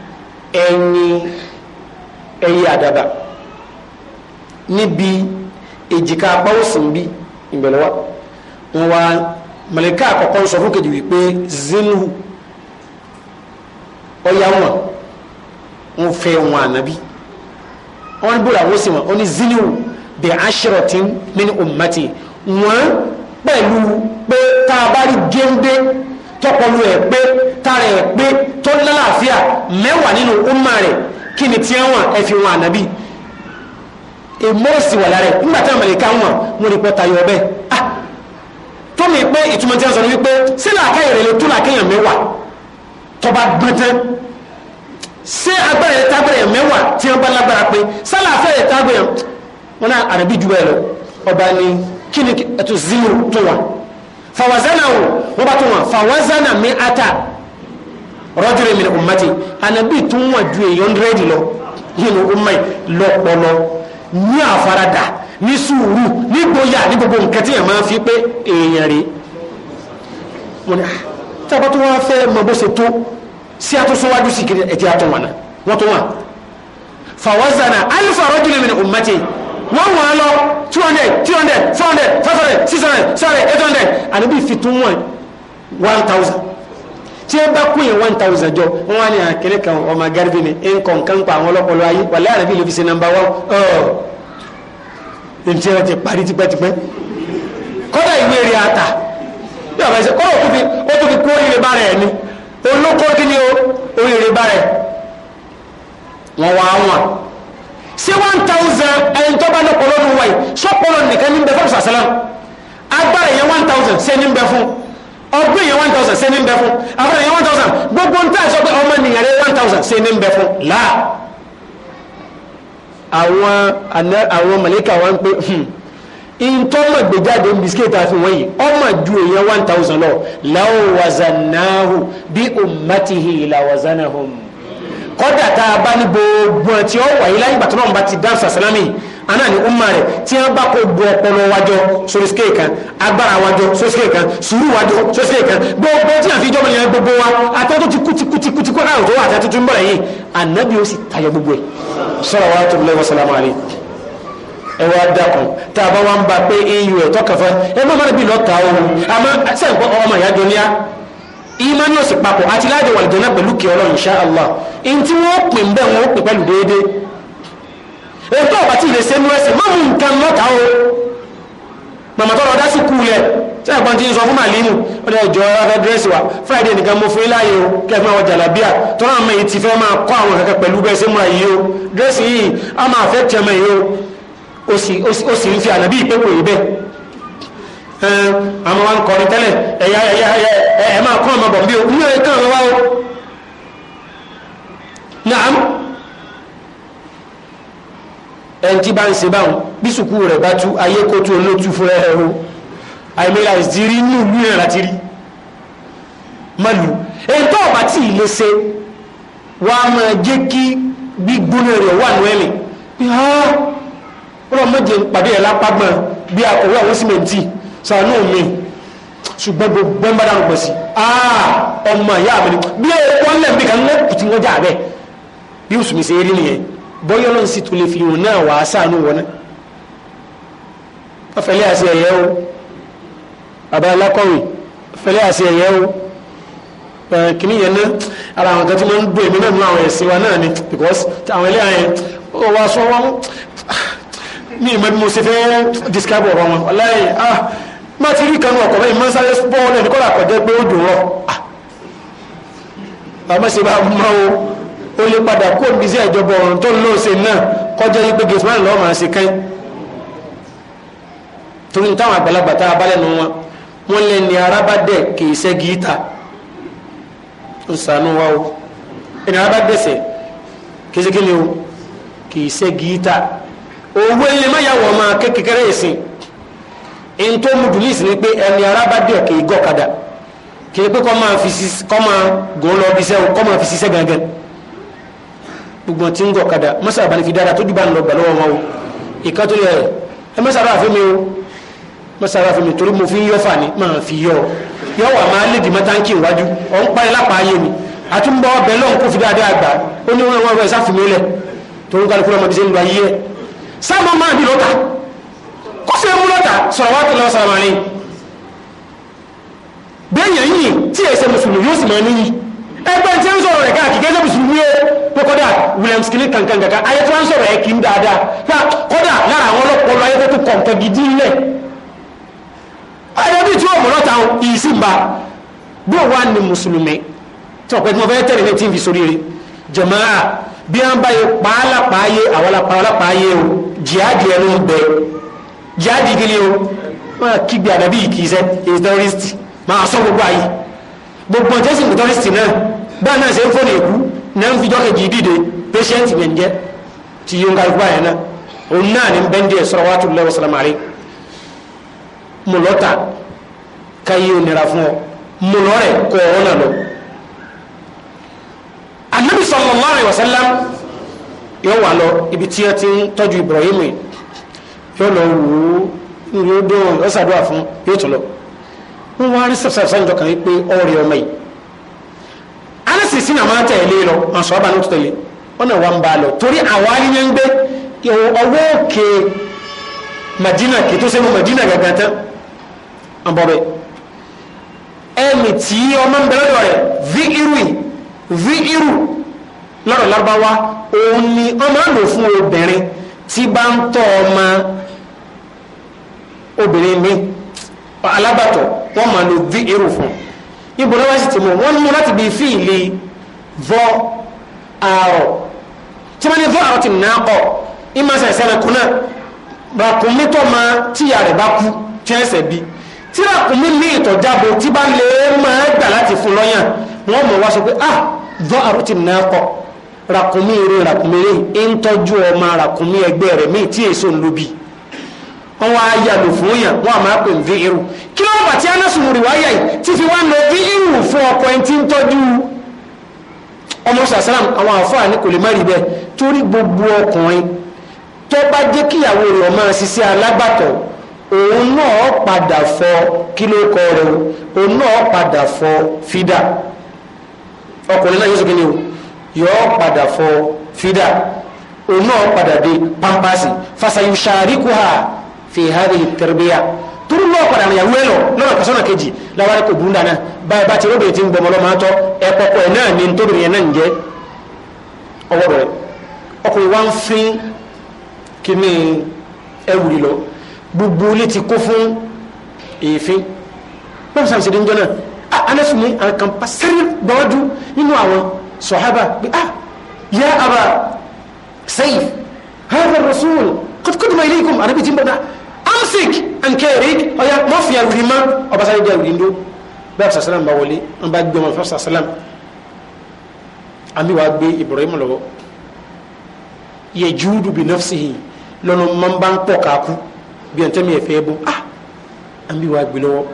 ẹyin ẹyẹ àdàbà níbi èjìká apá òsìn bí ìbẹ̀lẹ̀ wa wọn wá mọ̀lẹ́ká àkọ́kọ́ sọ fún kejì wípé zinhu ọ̀yà wọn ń fẹ́ wọn ànábì wọn bó làwọn sì wọn ó ní zinhu bi ashratin min ummati wọn pẹ̀lú pé tá a bá rí géńdé tọpọlù ẹ̀ pé tára ẹ̀ pé mẹ́wàá nínú umma rẹ̀ kí ni tí wọn ẹ fi wọn ànábì ìmọ̀ọ́sì wà lára ẹ̀ nígbà tí àmàlẹ́ká wọn wọn lè pọ̀ tayọ ọbẹ̀ ah tó mi pé ìtumọ̀ tí a sọ ni wípé sí làákàyè rẹ̀ lè tú làákàyè mẹ́wàá tọba gbẹ̀tẹ́ ṣé agbára yẹn tágbára yẹn mẹ́wàá tí wọn bá lágbára pé sálàáfẹ́ yẹn tágbára yẹn wọn náà àrẹ̀bí ju bẹ́ẹ̀ lọ ọba ni kí ni ẹ̀tọ́ zero tó wà fàwazánà wọn bá tó wọn fàwazánà mi ata rọ́júlẹ̀ mi ní ummati anabi tún wà ju èyí ọ̀ndrẹ́dì lọ nínú umma lọ́pọ̀lọ́ ní àfaradà ní sùúrù ní gbóyà ní gbogbo nǹkan tí yẹn máa fi pé èèyàn rèé wọn ni ah, tí a bá tó wọn fẹ́ mọ bó ṣe tó sí àtúnṣọwájú sí kiri ẹ̀jẹ̀ àtúnwọ̀nà wọ́n tó wọn fàwọ́sánà alifa rọ́júlẹ̀ mi ní ummati wọ́n wọ́n lọ two hundred three hundred four hundred five hundred six hundred seven hundred eight hundred àníbi fi tún wọn one thousand tí ẹ bá kún one thousand jọ wọn á ní àkẹlẹ ah, kan ọmọ garibi ni nǹkan kan pa àwọn ọlọpọlọ ayé wà láàrin bí lófi ṣe nàmbà wá ọ ntí ẹ ti parí tipẹ́tipẹ́ kọ́dà ìwé rẹ̀ ata bí ọ̀bẹ ṣe kọ́dà ó tún fi kú oríire bá rẹ̀ ni olóko kí ni oríire bá rẹ̀ wọ́n wá wọn ṣé one thousand ẹni tó bá lọ́pọ̀lọ́dún wáyé sọ́pọ̀lọ́ nìkan ní bẹ fún ṣàṣẹ́lá agbára yẹn one thousand ṣé ní bẹ fún ọgbọ́n èèyàn one thousand ṣe ní bẹ fún àbúrò èèyàn one thousand gbogbo ń tà sọ pé ọmọ nìyàn one thousand ṣe ní bẹ fún láà àwọn àwọn mọ̀lẹ́kà wọn pé ìntọ́mọ̀ hmm, gbèjáde bisikíìtì àfi wọ̀nyí ọmọ ju èèyàn one thousand lọ láwọn wazanahu bí ummatihi làwazanahum kọ́dà tá a bá ní gbogbo ẹ̀ tí ó wà yí láyé ìgbà tó bá ti dáhùn sàsálámì yìí aná ni umma rẹ̀ tí wọ́n bá kó bu ọpọlọ wájọ sórí scale kan agbára wájọ sórí scale kan sùúrù wájọ sórí scale kan gbogbo tí àfi ìjọba yẹn gbogbo wa àtọ́tò ti kú ti kú ti kú ti kú káàrò tó wà àti tuntun bọ̀rẹ̀ yìí ànábì ó sì tayọ gbogbo ẹ̀ salawatullahi wa salamu alayhi ẹ wá dákun tá a bá wá ń ba pé iyùn e ẹ̀ tọ́kàfẹ́ ẹ má má bí lọ́ta o àmọ́ sẹ́yìn ọmọ ìyá jọ níyà ìmánì ọ̀sìn papọ̀ àti láàjọ wà lìjọ náà pẹ̀lú kí ọlọ́run insha Allah in tí wọ́n pè ń ètò ọ̀bà tí ìrẹsẹ̀ mú ẹsẹ̀ má mú nǹkan mọ́ta o màmàtọ́ lọ dásù kú lẹ̀ tí ẹ̀gbọ́n ti ń sọ fún màlímù ọdẹ ìjọ ọ̀rẹ́ dírẹ́sì wa friday nìkan mo fún iláyè o kẹfún àwọn jàlábíà tọ́lá àmọ́ èyí ti fẹ́ máa kọ́ àwọn kẹ̀kẹ́ pẹ̀lú bẹ́ẹ̀ sí múra yìí o dírẹ́sì yìí a máa fẹ́ tẹ̀mẹ̀ yìí o ó sì ń fi ànábì ìpéwò yìí bẹ́ẹ̀ àmọ́ wa ń kọrin tẹ́lẹ̀ ẹ̀yà ẹ̀yà ẹ̀ máa kọ́ ọmọ bọ̀ bí o ní ẹnití bá ń ṣe báwọn bí sùkú rẹ̀ bá tú ayé kó tú olótú fún ẹ̀rọ àìmẹ́ra ìdírí ní ìlú rẹ̀ láti rí mọ́lù èyí tó ọ̀bá tí ì lè ṣe wà á máa jẹ́ kí gbígbóná rẹ̀ wà nù ẹ̀mí bí ha ọlọ́ méje ń pàdé ẹ̀ lápágbọ́n bí owó àwọn símẹ́ǹtì sànú mi ṣùgbọ́n gbogbo ń bá dáhùn pẹ̀ sí ọmọ ìyá mi bí ẹ̀ wọ́n lẹ̀ kan lẹ́kùtì wọ́n jà bẹ́ẹ̀ bí ó sùn mí ṣe eré nìyẹn bọ́yọ́lọ́n sì tún lè fi hàn náà wàá sànú wọn náà afẹ́lẹ́ àti ẹ̀yẹ o bàbá alákọ̀wé afẹ́lẹ́ àti ẹ̀yẹ o kìíní yẹn náà ara àwọn kan tí wọ́n ń gbé èmi náà nínú àwọn ẹ̀sìn wa náà ni because àwọn ẹlẹ́yà yẹn ó wá sọ wọn ní ìmọ̀ bí mo ṣe fẹ́ describe ọ̀rọ̀ wọn ọ̀láyìn ah má ti rí kanú ọkọ̀ báyìí mọ́sálẹ́ bọ́ọ̀lù ẹ̀dínkọ́lá àkọ́jẹ́ pé ó dùn rọ̀ ah bàbá ṣe bá mọ́ o ó lè padà kó omi sí ìjọba ọ̀run tó lóò ṣe náà kọjá yí pé gẹ̀ẹ́sì márùn lọ́wọ́ máa se kán torí táwọn àgbàlagbà tá a bá lẹ́nu wọn wọ́n lé ní araba dẹ̀ kì í ṣe gíta ń sànú wa o ẹni araba dẹ̀sẹ̀ kì í ṣe kí ni o kì í ṣe gíta owó ilé máyàwó ọmọ kékeré ìsìn ẹni tó mú dùnú ìsìn ni pé ẹni araba dẹ̀ kì í gọ̀kadà kì í pé kọ́ máa fi kọ́ máa gòó lọ bí sẹ́wọ̀n kọ́ máa fi ṣiṣẹ́ gangan gbogbo tí ń gọ̀ kadà mọ́sàrà bá ní fi dára tójú bá ń lọ gbà lọ́wọ́ wọn o ìkan tó yẹ ẹ mọ́sàrà fún mi o mọ́sàrà fún mi torí mo fi ń yọ fà ní máa fi yọ ọ yọ wà máa lè dìmọ́ táǹkì ìwájú ọ̀ ń parí lápá ayé mi àtúbọ̀ ọbẹ̀ lọ́hùn kó fi dáadáa gbà ó ní wọn wọn rẹ̀ sáfìmílẹ̀ torí kálukú lọ́mọdé ṣe ń lo ayé ẹ̀ sábà máa bí lọ́ta kó fẹ́ mú lọ́ta sọ̀rọ̀ wá tẹ̀lé ọ̀sán àmàlẹ́ yẹn yìí tí ẹ̀ ṣe mùsùlùmí yóò sì máa níyì ẹgbẹ́ tí ń sọ̀rọ̀ rẹ̀ káàkiri gẹ́gẹ́ mùsùlùmí ó pé kọ́dà williams kìíní kankan kankan ayé tí wọ́n ń sọ̀rọ̀ ẹ̀ kí ń dáadáa fà kọ́dà lára àwọn ọlọ́pọlọ ayé tó tún kọ̀ǹkan gidi ńlẹ̀ ayé bí tí ó mọ̀ lọ́ta ìsìnba bí ó wà ní mùsùlùmí tí ọ̀pẹ́ tí mo fẹ́ tẹ̀lé tí ń fi sórí rẹ̀ jọ̀mọ́ra bí wọ́n bá yẹ pàálàpàáyé àwọn gbogbo ọjọ́ sì náà bá náà ṣe ń fọ́nà èkú náà ń fi dọ́kẹ̀jì dìde patient yẹn jẹ́ ti yóò ń ka ikú náà òun náà lẹ́wọ̀ sàlámàrí fún ọ kọ́ ọ náà lọ. yóò wà lọ ibi tí ti ń tọ́jú Ibrahim yóò lọ wò ó yóò ń wá rí sàfẹ́sàfẹ́sàjọ kan wípé ọ̀rẹ́ ọmọ yìí alẹ́sìsì náà máa tẹ̀lé lọ àṣọ àbánu tó tẹ̀lé ọ̀nà wa ń bá a lọ torí àwa ni yẹn ń gbé ọwọ́ òkè Madina kì í tó sẹ́nu Madina gàgàn tán àbọ̀bẹ̀ ẹnì tí ọmọ ń bẹ lọ́dọ̀ rẹ̀ vi irú yìí vi irú lọ́dọ̀ lárúbáwá òun ni ọmọ àlò fún obìnrin tí bá ń tọ́ ọmọ obìnrin mi alábàtọ̀ wọ́n máa lo dí irú fún ibo náà wá sì ti mú wọ́n mú láti bí fíìlì vọ́ àrọ̀ tí wọ́n ní vọ́ àrọ̀ ti nà á kọ̀ ìmọ̀ sẹ̀sẹ̀ rẹ̀ kún náà ràkúnmí tó máa tíya rẹ̀ bá kú tí ẹsẹ̀ bí tí ràkúnmí ní ìtọ̀jábo tí bá lè máa gbà láti fún lọ́yàn wọ́n mọ̀ wá sọ pé ah vọ́ àrọ̀ ti nà á rakumi ràkúnmí eré ràkúnmí eré ń tọ́jú ọmọ ràkúnmí ẹgbẹ́ rẹ̀ míì tí èso ń lóbi wọn wá yàlò fún yàn wọn àmà pè ní irú kí ló bàtí anásùn rìwáyà yìí ti fi wá lọ bí irú fún ọkọ ẹni tí ń tọ́jú ọmọ sàsálàm àwọn àfáà ní kò lè má rí bẹ́ẹ̀ torí gbogbo ọkùnrin tó bá jẹ́ kíyàwó rẹ̀ ọmọ ṣiṣẹ́ alágbàtọ̀ òun náà padà fọ kí ló òun náà padà fọ fídà ọkùnrin náà yóò sọ o yọ padà fọ fídà òun náà padà dé pampasi fasayusharikuha fi hadhihi tarbiya turu lọ padà welo, àwúrẹ́ lọ lọ́nà kásánà kejì láwárí kò búrú dáná báyìí bá ti róbìnrin ti ń gbọmọ lọ́mọ àtọ́ ẹ̀pọ̀pọ̀ ẹ̀ náà ni tóbìnrin yẹn náà ń jẹ́ ọwọ́ rẹ̀ ọkùnrin wa ń fín kíní ẹwùrì lọ gbogbo ilé ti kó fún èéfín bẹ́ẹ̀ sàmì sí díjọ́ náà anásù ní àwọn kan pa sẹ́rí gbọ́dú nínú àwọn sọ̀hábà pé ah ya aba, Sayf hadha rasul qad qadima ilaykum àrẹ́bìtì ń and ankerik ọ̀yà mọ́ fi àrùrí mọ́ ọba sáré di àrùrí ńdó bẹ́ẹ̀ fisa sálám bá wọlé ń bá gbé ọmọ fisa sálám àmì wàá gbé Ibrahim lọ́wọ́ yẹ júùdù bí nafsihi lọ́nà máa ń bá ń pọ̀ káàkú bí ẹ̀ńtẹ́ mi ẹ̀fẹ́ bọ́ ah àmì wàá gbé lọ́wọ́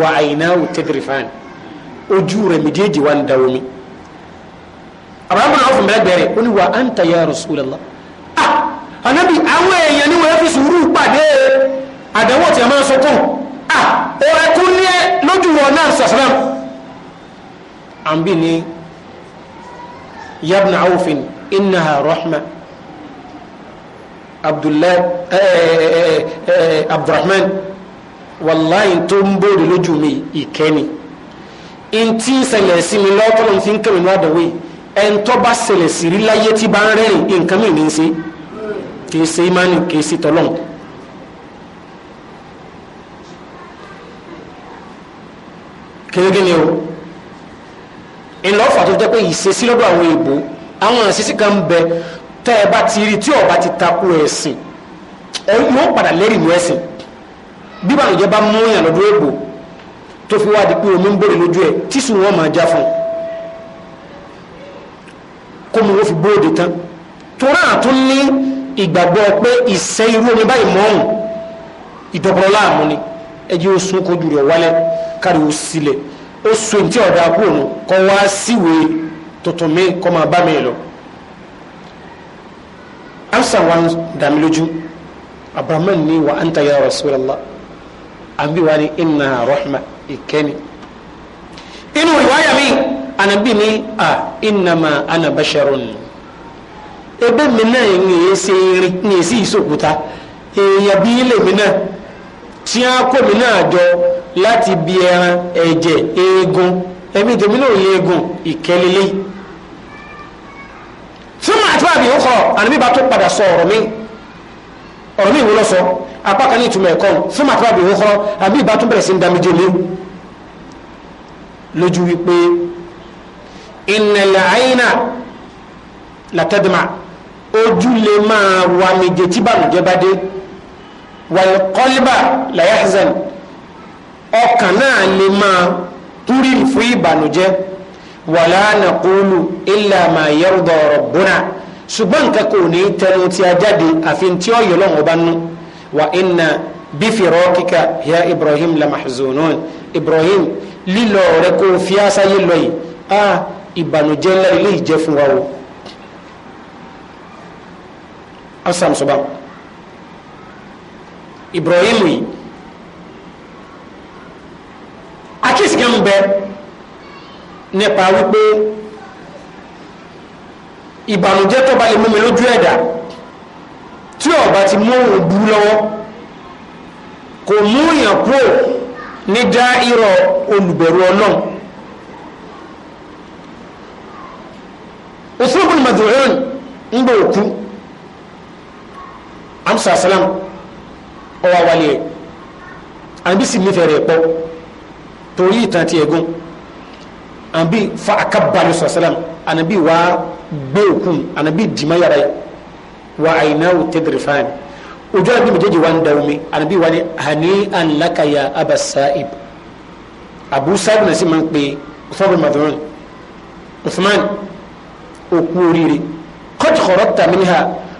wà àyìnà ò tẹ́tẹ̀rẹ̀fáàn ojú rẹ̀ méjèèjì wà ń da omi àbámu náà ó fún mi lẹ́gbẹ̀ẹ́ rẹ̀ ó ní wà á ń ta ya Rasulullah ànábì àwọn èèyàn ni wọ́n fi sùúrù pàdé àdánwò tí a máa sọ kùn à ó ẹkú ní ẹ lójú wọn náà sàsàlám àǹbì ni yabna awfin innaha rahma abdullahi eh, eh, eh, abdulrahman wàláyé tó ń bòde lójú mi ìkẹ́ni ntí ṣẹlẹ̀ sí mi lọ́tọ́ ló ń fi ń kẹ́mi ní àdánwò ẹ̀ ń tọ́ bá ṣẹlẹ̀ sí rí láyé tí bá ń rẹ́rìn nǹkan mi ní í ṣe kì í ṣe imani kì í ṣe tọlọ́n. kéréké ni o ìlọ́fà tó jẹ́ pé ìṣesí lọ́dọ̀ àwọn èèbó àwọn àṣìṣe kan ń bẹ tẹ́ ẹ bá ti rí tí ọba ti takú ẹ̀sìn ọ̀hún yóò padà lẹ́rìí mú ẹ̀sìn bí bàlùjẹ́ bá mú yàn lọ́dún èèbó tó fi wá di pé omi ń bèrè lójú ẹ̀ tíṣù wọn máa já fún un kó mu wọ́n fi bóde tán tó náà tún ní ìgbàgbọ́ pé ìṣẹ́ irú omi báyìí mọ́hùn ìdọ̀bọ̀rọ̀ láàmú ni ẹjẹ́ ó sún kojú rẹ̀ wálẹ̀ kárí ó sílẹ̀ ó sún tí ọ̀dà kúrò kọ́ wá síwèé tuntun mi kọ́ máa bá mi lọ. amsa wa dàmí lójú abrahamu ni wa anta ya rasulallah àbí wa ni inna rahma ìkẹ́ni. inú ìwáyà mi ànábì ni a ah, innama ana basharun ni ebe mi náà ń yẹ ṣe irin ní èsì ìṣòkúta èèyàn bí ilé mi náà tí a kó mi náà jọ láti bi ẹran ẹ̀jẹ̀ eegun ẹbí tèmi náà yẹ eegun ìkẹlẹ́lẹ́ súnmọ́ àti bàbí ó kọ̀ ànábì bá tó padà sọ ọ̀rọ̀ mi ọ̀rọ̀ mi ìwúlọ́ sọ apá kan ní ìtumọ̀ ẹ̀kọ́ súnmọ́ àti bàbí ó kọ̀ àbí ìbá tún bẹ̀rẹ̀ sí ń dá jẹ́ léwu lójú wípé ìnẹ̀lẹ̀ àyínà làtẹ́dìmá ojú lè máa wà méje tí bàlùjẹ́ bá dé wàlùkọ́líbà làyàzẹ̀n ọkàn náà lè máa túrí fún ìbànújẹ́ wàlá nàkúlù ilà máa yarda rabbuna ṣùgbọ́n nǹkan kò ní tẹnu tí a jáde àfi tí ó yọ lọ́wọ́ bá nú wa inna bifirọ́kíkà ya Ibrahim lamahzunun Ibrahim lílọ rẹ kó fi àṣàyè lọ yìí ah ìbànújẹ́ ńlá ilé ìjẹ́ fún wa o asam sọba ibrahim yìí akíyèsí kan bẹ nípa wípé ìbànújẹ́ tó bá lè mú mi lójú ẹ̀dá tí ọba ti mú òun bú lọ́wọ́ kò mú èèyàn kúrò ní dá irọ́ olùbẹ̀rù ọlọ́run usman bin madhuun ń gbòòkú amusa salam ọwọ́ wálé ẹ̀ àbí sì nífẹ̀ẹ́ rẹ̀ pọ̀ torí ìtàn ti ẹ̀gún àbí fa akábàlù sàlám ànàbí wàá gbé òkun ànàbí dìímọ̀ yàrá yẹ wà àyìnáwó tẹ́tẹ̀rẹ̀ fáàní ojú àbí méjèèjì wà ń da omi ànàbí wà ní hàní ànlákàyà abasaib abu saib náà sì máa ń pe usman òkú oríire kọ́tù kọ̀rọ̀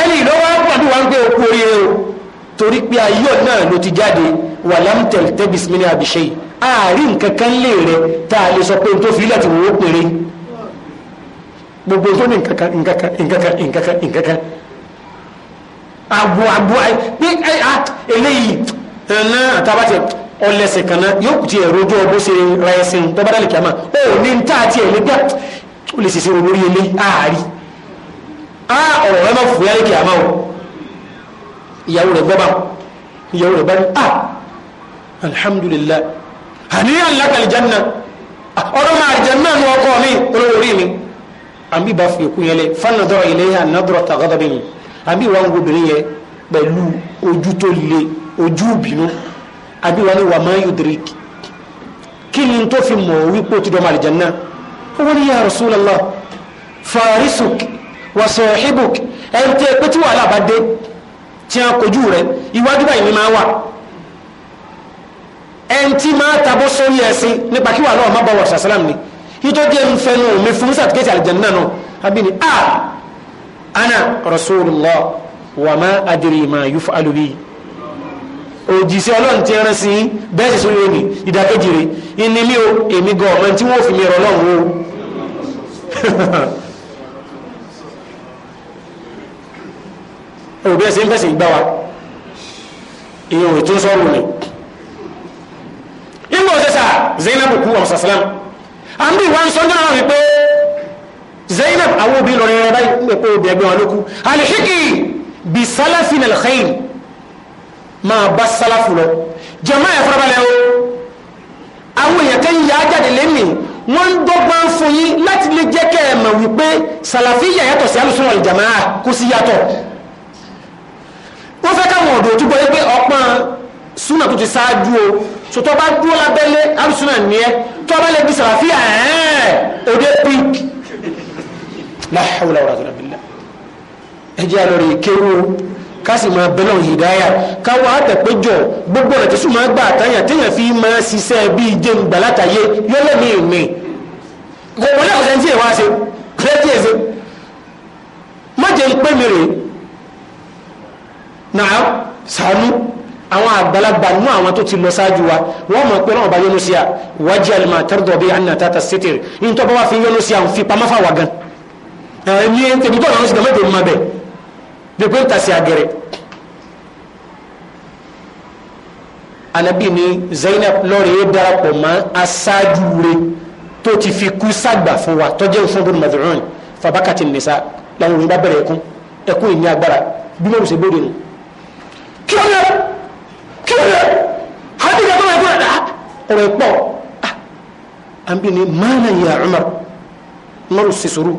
ẹni ìlọ́wọ́ pọ̀ ní wọ́n gbé okú oríire o torí pé ayé náà ló ti jáde wà lámtẹ̀l tẹ́bìs mi ní àbíṣe ààrí nǹkan kan lè rẹ tá a lè sọ pé n tó fi láti wò ó péré gbogbo tó ní nǹkan kan nǹkan kan nǹkan kan nǹkan kan abo abo pé eléyìí ẹ̀nà àtàbàtẹ̀ ọlẹ́sẹ̀ kan náà yóò kù ẹ̀rọ ojú ọgbó ṣe ra ẹsìn tọ́bádàlì kìámà ó ní ní tá ẹ̀ lé ó lè ṣèṣe olórí eléyìí ààrí á ọ̀rọ̀ rẹ má fòyà lè kí àmà o ìyàwó rẹ gbọ́ bá ìyàwó rẹ bá ní à alhamdulillah àníyàn lákàlì janna ọdún máa jẹ náà ní ọkọ mi olórí mi àbí bá fi òkun yẹn lẹ fanadọ́rọ̀ ilé yẹn ànádọ́rọ̀ tàgọ́dọ̀ mi àbí wọn gbobìnrin yẹn pẹ̀lú ojú tó le ojú ìbínú àbí wọn ni wàmọ́ yudriki kí ni tó fi mọ̀ wípé ó ti dọ́mọ àlìjẹ́ náà wọ́n ní ya Rasulullah farisuk wọ̀sọ̀ ibùk ẹni tí ẹ pé tí wàhálà bá dé tí a kojú rẹ iwájú báyìí ni máa wà ẹni tí máa tabọ́ sórí ẹ̀sìn nípa kí wàhálà ọmọ bọ̀ wọ̀sọ̀ sálám ni yíjọ́ díẹ̀ ń fẹ́ nù mí fún sàtìkẹ́tì àlìjẹ̀nà náà abini a ah, ana rasulullah wa ma adiri ma yuf'alu bi òjìṣẹ́ ọlọ́run ti rán sí bẹ́ẹ̀ sì sórí òní ìdákejì rẹ̀ ìnílé èmi gan ọmọ tí wọ́n fi mi rọ ọlọ́run o òbí ẹsẹ̀ ń fẹsẹ̀ gbá wa ìyẹn ò tó sọ̀rọ̀ ni ìgbà òṣèṣà Zainab kú ọ̀sà sàlám àmì ìwà sọ ní àwọn wípé Zainab àwọn obìnrin lọ rẹ̀rẹ̀ báyìí ń pè obì ẹgbẹ́ wọn ló kú alihiki bi salafi nal khair máa bá salafu lọ jama ẹ̀ farabalẹ̀ o àwọn èèyàn kan yà á jáde lẹ́nu wọ́n ń fún yín láti lè jẹ́ kẹ́ ẹ̀ mọ̀ wípé salafi yà yàtọ̀ sí alùsùn wal jamaa kò sí yàtọ̀ wọ́n fẹ́ káwọn ọ̀dọ́ tó gbọ́yé pé ọpọ́n súnà tó ti ṣáájú o tó tọ́ bá dúró lábẹ́lé alùsúnà ní ẹ tó bá lè di sàràfíà ẹ̀ẹ́n òde pink láhàwùlà wàrà tó dàbílà ẹjẹ́ àlọ́rẹ̀ kéwú kásì máa bẹ́lọ̀ hìdáyà káwọ́ àtẹ̀péjọ gbogbo ọ̀nà tí súnmọ́ gbà àtàyàn téèyàn fi máa ṣiṣẹ́ bíi jẹun gbàlátàyé yọ́lẹ̀ mi ìmì gbogbo náà kò sẹ́ńtì ẹ̀ wá ṣe kò sẹ́ńtì ẹ̀ ṣe má jẹun pé mi rèé náà sànú àwọn àgbàlagbà nínú àwọn tó ti lọ ṣáájú wa wọ́n mọ̀ pé náà bá yọnu sí a wájú àlùmọ̀ àtẹ́rọ̀dọ̀ bíi àná tata sítìrì yìí tó bá wà fi yọnu sí a ń fi pamọ́ fáwọn gan ẹ̀mí ẹ̀ ń tẹ̀mí tó àwọn ṣùgbọ́n mẹ́tẹ̀ẹ̀mí máa bẹ̀ bí pé ń tà sí agẹrẹ. anabi ni Zainab lọ́ọ̀rẹ́ darapọ̀ mọ́ aṣáájú rẹ̀ tó ti fi kú sàgbà fún wa tọ́jú fún bọ́ọ̀lù madrun fabakati kí ló dé kí ló dé hadika tó yẹ kó dà ọ̀rọ̀ ìpọ̀ an ah, bi ni maana ya Umar umaru sisuru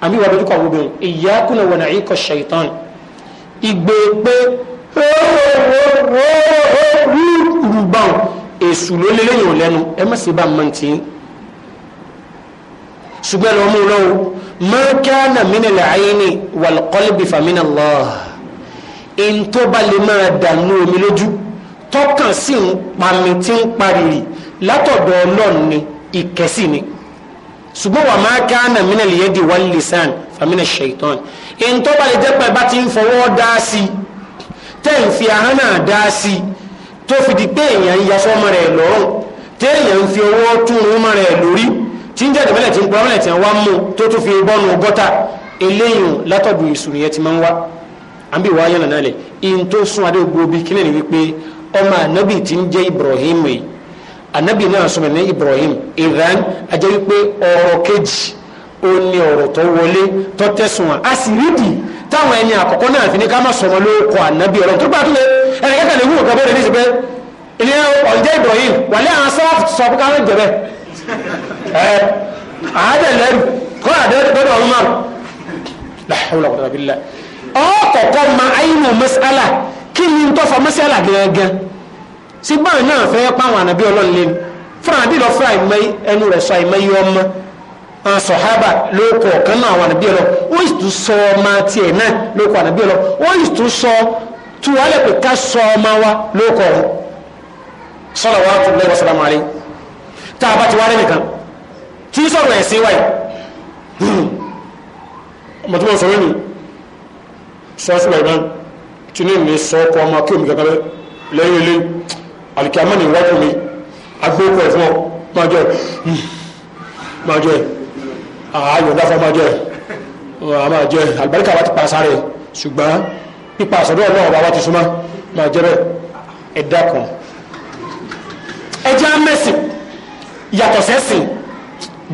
an bi wà lójú kọ àwọn obìnrin iyakuna wa na'iqa shaitan ìgbé pé rúrùbáwọn èṣù ló lé lẹ́yìn ọ̀lẹ́nu ẹ má ṣe bá a máa ṣùgbọ́n ọmọ ọlọ́wọ́ ma kana min al-ayni wal qalbi fa min èntó bá lè máa dànù omi lójú tọkàn sí ń pami tí ń parìrì látọ̀dọ̀ ọlọ́run ni ìkẹ́sì ni ṣùgbọ́n wà máa ká nà mí nàlẹ́ yẹ́dì wà lẹ́sàn fàmínà ṣèitán èntó bá lè jẹ́ pé bá ti ń fọwọ́ dá sí tẹ́ ń fi ahọ́n náà dá sí tó fi di pé èèyàn ń yasọ́ ọmọ rẹ̀ lọ́rùn tẹ́ èèyàn ń fi owó tún ọmọ rẹ̀ lórí tí ń jáde mẹ́lẹ̀ tí ń pọ̀ mẹ́lẹ̀ tí wọ́n mú tó tún fi bọ́nu gọ́tà eléyìí látọ̀dọ̀ ìsúnìyẹ an bí wáyé nàná lẹ̀ in tó sún adé gbòóbí kílẹ̀ ni wípé ọmọ anabi ti ń jẹ́ Ibrahim yìí anabi náà sọmọ ní Ibrahim ìran ajẹ́ wípé ọ̀rọ̀ kejì ó ní ọ̀rọ̀ tó wọlé tó tẹ̀sùn a sì rídìí táwọn ẹni àkọ́kọ́ náà fi ní ká má sọmọ ló kọ ànábì ọlọ́run tó gbà tó lé ẹni kẹta lè wú òkè bẹ́ẹ̀ ní ìsìnkú ilé ọ̀jẹ́ Ibrahim wà lé àwọn sáfù sọ fún káwọn jẹ̀bẹ̀ ẹ àádẹ́ lẹ́rù kọ́ àdẹ́rẹ́ bẹ́ẹ̀ ọ̀run ọ̀kọ̀kọ́ ma àyínú mẹ́sàlá kí ni tó fa mẹ́sàlá gẹ́gẹ́ sí báyìí náà fẹ́ páwọn ànàbí ọlọ́run lé fúnra bí lọ fúra ìmọ̀ ẹnu rẹ̀ sọ ìmọ̀ yìí ọmọ àwọn sọ̀hábà lóko ọ̀kan náà àwọn ànàbí ọlọ́ wọ́n sì tún sọ ọmọ tiẹ̀ náà lóko ànàbí ọlọ́ wọ́n sì tún sọ tu wàlẹ̀ pé ká sọ ọmọ wa lóko ọ̀hún sọlọ wa tó lẹ́wọ̀ sọlá màálí tá a bá ti wá rẹ̀ nìkan tí sọ̀rọ̀ ẹ̀ sí wáyé mọ̀tún sọ̀rọ̀ nìyí sọ́ọ́sì bàbá tìǹbù ní sọ́ọ́kọ́ ọmọ kí omi kankan lẹ́yìn ilé àlìkàmọ́ ní wájú mi agbókò ẹ̀fọ́ máa jẹ́ hmm, máa jẹ́ ààyò dáfọ́ máa jẹ́ máa jẹ́ àlùbáríkà wa ti pa sáré ṣùgbọ́n pípa àsọdọ́ ọ̀nà ọ̀bá wa ti súnmọ́ máa jẹ́ bẹ́ẹ̀ ẹ dákun ẹjẹ́ amẹ́sìn yàtọ̀ sẹ́sìn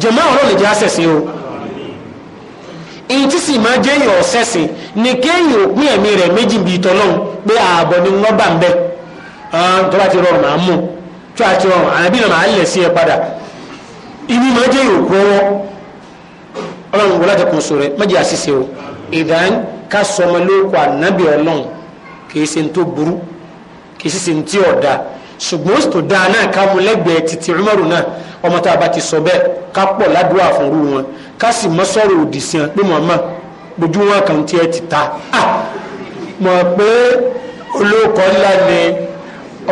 jẹ̀mọ́ ọ̀rọ̀ o èyí tí sì máa jẹ́ èèyàn ọ̀sẹ̀sìn ni kéèyàn ò pín ẹ̀mí rẹ̀ méjì bíi tọ́lọ́hún pé ààbọ̀ ni wọ́n bá ń bẹ́ tó bá ti rọrùn àá mú tó bá ti rọrùn àbí náà máa lẹ̀ sí ẹ padà ibi máa jẹ́ èèyàn ọwọ́ ọlọ́run wọlé àti kùnso rẹ̀ má àṣìṣe o ìdán ká sọmọ ànábì ọlọ́run kì í ṣe ń tó burú kì í ṣe ń tí ọ̀dà ṣùgbọ́n oṣù tó dáa náà ká mú lẹ́gbẹ̀ẹ́ títí Umaru náà ọmọ tá a bá ti sọ bẹ́ẹ̀ ká pọ̀ ládùúgbò àfọ̀rú wọn ká sì mọ́ sọ̀rọ̀ òdì sí wọn pé màmá gbójú wọn kàn tiẹ̀ ti ta mọ̀ pé olóòkọ ńlá ni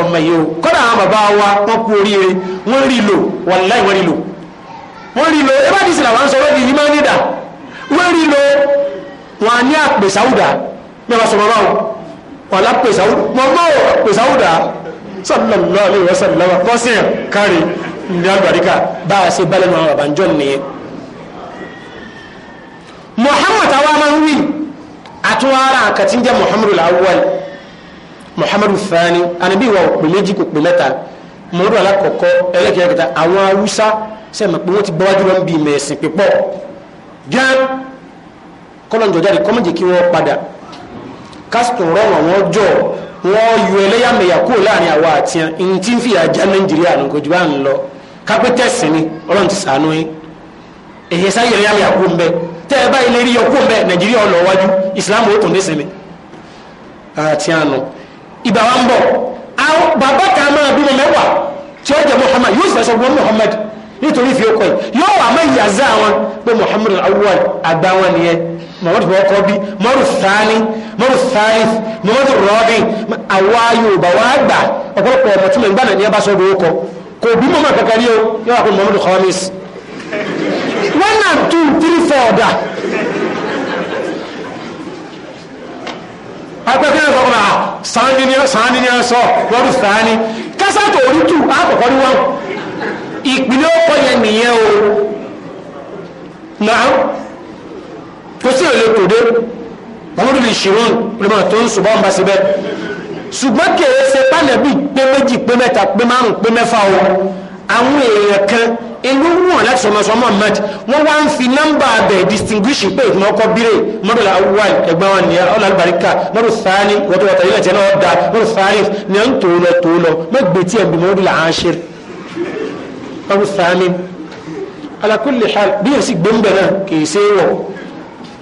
ọmọ yìí o kọ́dà àwọn bàbá wa wọ́n kú oríire wọ́n rí lò wàláì wọ́n rí lò wọ́n rí lò ebá ti sìn àwọn sọ̀rọ̀ di yìí máa ń dà wọ́n rí lò wọn ní àpèsáwùdà bí wọ́n sọ̀rọ̀ náà wọn lápèsáwùdà mọ̀mọ́ àpèsáwùdà sallallahu alayhi wa sallam kọ́sìn kárí ní àgbàríkà bá a ṣe balẹ̀ náà àbájọ́ nìyẹn. muhammad awa máa ń wí àtúwárà àkàtí ń jẹ́ muhammadu awwal muhammadu thani anabi wa òpè méjì kò pè mẹ́ta muhammadu alakọ̀kọ́ ẹlẹ́kẹ̀ẹ́ kẹta àwọn haúsá sẹ́mi pé wọ́n ti gbọ́wájú lọ́n bí mẹ̀sìn pípọ̀ gán kọ́lọ́njọ́ jáde kọ́mọ̀jì kí wọ́n padà kásìtò rọrùn àwọn ọjọ́ wọ́n yọ ẹlẹ́yàmẹ̀yà kúrò láàrin àwa àti ẹ̀ ń tí ń fìyà já nàìjíríà nù kojú bá ń lọ kápẹ́tẹ̀sì ni ọlọ́run ti sànú yín èyí sáyẹ̀ ẹlẹ́yàmẹ̀yà kúrò ń bẹ tẹ́ ẹ báyìí lè rí ọkú ń bẹ nàìjíríà ọlọ́ wájú ìsìlámù ó tún ní sinmi àti àná ìgbà wa ń bọ̀ bàbá kan máa bímọ mẹ́wàá tí ó jẹ́ Muhammad yóò sì fẹsẹ̀ Muhammad nítorí ìfẹ́ ọkọ yìí yóò jàzá wọn pé muhammadu awwal àgbà wọn nìyẹn muhammadu bọ̀ ọkọ bí mọ́rù sáni mọ́rù sáni muhammadu rọ́ọ̀bì àwa yorùbá wa gbà ọ̀pọ̀lọpọ̀ ọmọ tí mo ń gbà náà ní ẹ bá sọ ọ́ kọ kò bí mọ́mọ́ kankan ní o yóò wá pé muhammadu khamis one and two three four ọ̀dà. akpẹ́kẹ́ sọ fún wa sáni ni sáni ni sọ mọ́rù sáni kásá orí tù á ní wọn ìpínlẹ̀ ọkọ yẹn nìyẹn o náà kò sí èlé tòde muhammadu bin shirun olùmọ̀ tó ń ṣùgbọ́n bá síbẹ̀ ṣùgbọ́n kèrè ṣe pálẹ̀bí pé méjì pé mẹ́ta pé márùn pé mẹ́fà o àwọn èèyàn kan inú wọn láti sọmọ sọmọ mẹ́t wọ́n wá ń fi nọ́mbà abẹ distinguish pé ìtumọ̀ ọkọ̀ bírè mọ́dọ̀ awwal ẹgbẹ́ wọn nìyà ọ̀là àlùbáríkà mọ́dọ̀ sáni wọ́tọ̀ wọ́tọ̀ yìí lẹ́tẹ̀ náà da mọ́dọ̀ sáni ní à ń tòun lọ tòun lọ mọ́gbẹ̀tì ẹ̀bùn mọ́dọ̀ là á ṣe mọ́dọ̀ sáni على كل حال بيسك بمبنا كيسيو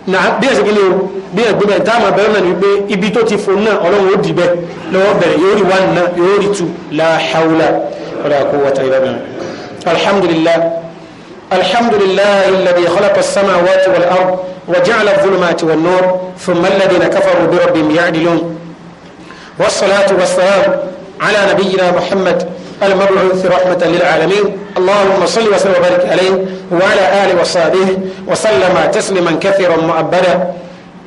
نعم بيسك اليو بيسك بمبنا تاما بيرنا نيبي إبيتو تفونا ولو ودي بي لو بي يوري وانا يوري تو لا حول ولا قوة إلا بالله الحمد لله الحمد لله الذي خلق السماوات والأرض وجعل الظلمات والنور ثم الذين كفروا بربهم يعدلون والصلاة والسلام على نبينا محمد المبعوث رحمة للعالمين اللهم صل وسلم وبارك عليه وعلى آله وصحبه وسلم تسليما كثيرا مؤبدا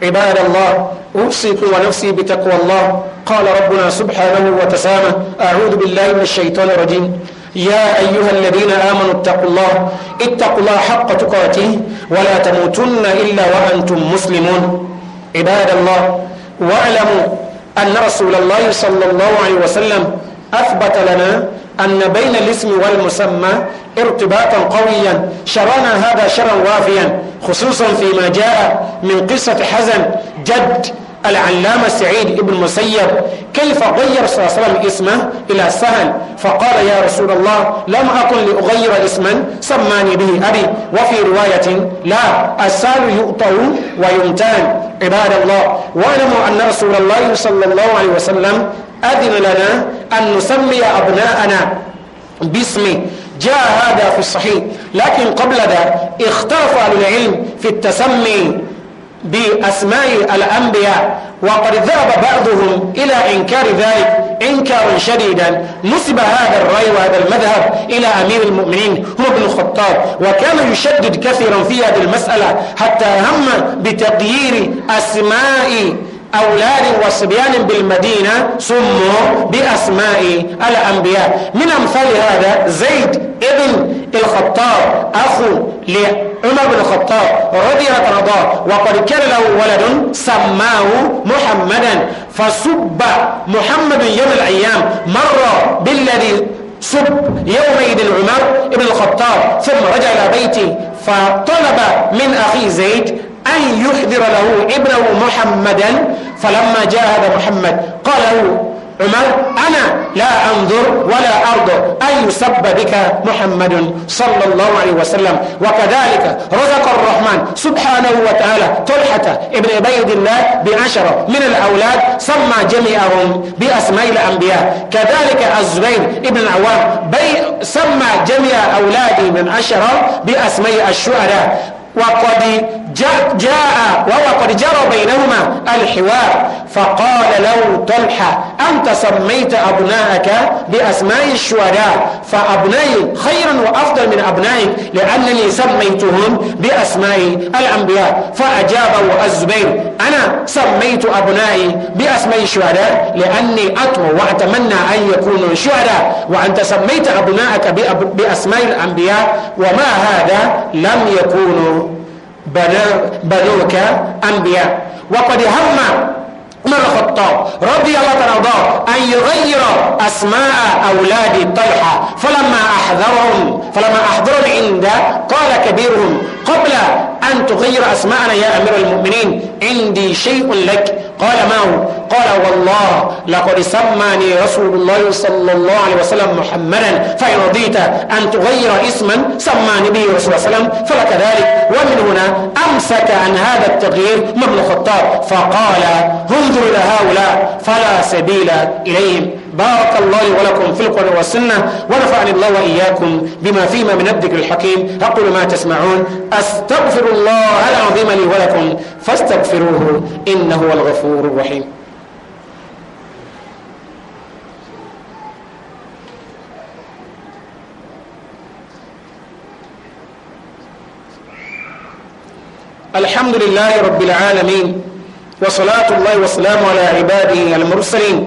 عباد الله أوصيكم ونفسي بتقوى الله قال ربنا سبحانه وتسامى أعوذ بالله من الشيطان الرجيم يا أيها الذين آمنوا اتقوا الله اتقوا الله حق تقاته ولا تموتن إلا وأنتم مسلمون عباد الله واعلموا أن رسول الله صلى الله عليه وسلم أثبت لنا أن بين الاسم والمسمى ارتباطا قويا شرانا هذا شرا وافيا خصوصا فيما جاء من قصة حزن جد العلامة سعيد بن مسيب كيف غير صلى الله عليه وسلم اسمه إلى سهل فقال يا رسول الله لم أكن لأغير اسما سماني به أبي وفي رواية لا السال يؤطر ويمتان عباد الله واعلموا أن رسول الله صلى الله عليه وسلم أذن لنا أن نسمي أبناءنا باسمه جاء هذا في الصحيح لكن قبل ذا اختلف العلم في التسمي بأسماء الأنبياء وقد ذهب بعضهم إلى إنكار ذلك إنكارا شديدا نسب هذا الرأي وهذا المذهب إلى أمير المؤمنين هو بن الخطاب وكان يشدد كثيرا في هذه المسألة حتى هم بتغيير أسماء أولاد وصبيان بالمدينة سموا بأسماء الأنبياء من أمثال هذا زيد ابن الخطاب أخو لعمر بن الخطاب رضي الله عنه وقد كان له ولد سماه محمدا فسب محمد يوم الأيام مر بالذي سب يومئذ عمر بن الخطاب ثم رجع إلى بيته فطلب من أخي زيد أن يحضر له ابنه محمدا فلما جاهد محمد قال له عمر أنا لا أنظر ولا أرضى أن يسب بك محمد صلى الله عليه وسلم وكذلك رزق الرحمن سبحانه وتعالى طلحة ابن عبيد الله بعشرة من الأولاد سمى جميعهم بأسماء الأنبياء كذلك الزبير ابن العوام سمى جميع أولاده من عشرة بأسماء الشهداء وقد جاء, جاء وقد جرى بينهما الحوار فقال له طلحة أنت سميت أبناءك بأسماء الشهداء فأبنائي خيرا وأفضل من أبنائك لأنني سميتهم بأسماء الأنبياء فأجابه الزبير أنا سميت أبنائي بأسماء الشهداء لأني أتوى وأتمنى أن يكونوا شهداء وأنت سميت أبنائك بأسماء الأنبياء وما هذا لم يكونوا بنوك أنبياء وقد هم عمر الخطاب رضي الله ترضاه أن يغير أسماء أولاد طلحة فلما أحذرهم فلما أحضرهم عنده قال كبيرهم قبل أن تغير أسماءنا يا أمير المؤمنين عندي شيء لك قال ما هو قال والله لقد سماني رسول الله صلى الله عليه وسلم محمدا فإن رضيت أن تغير اسما سماني به رسول الله صلى الله عليه وسلم فلك ذلك ومن هنا أمسك عن هذا التغيير ابن الخطاب فقال انظر إلى هؤلاء فلا سبيل إليهم بارك الله لي ولكم في القرآن والسنة ونفعني الله وإياكم بما فيما من الذكر الحكيم أقول ما تسمعون أستغفر الله العظيم لي ولكم فاستغفروه إنه هو الغفور الرحيم الحمد لله رب العالمين وصلاة الله وسلامه على عباده المرسلين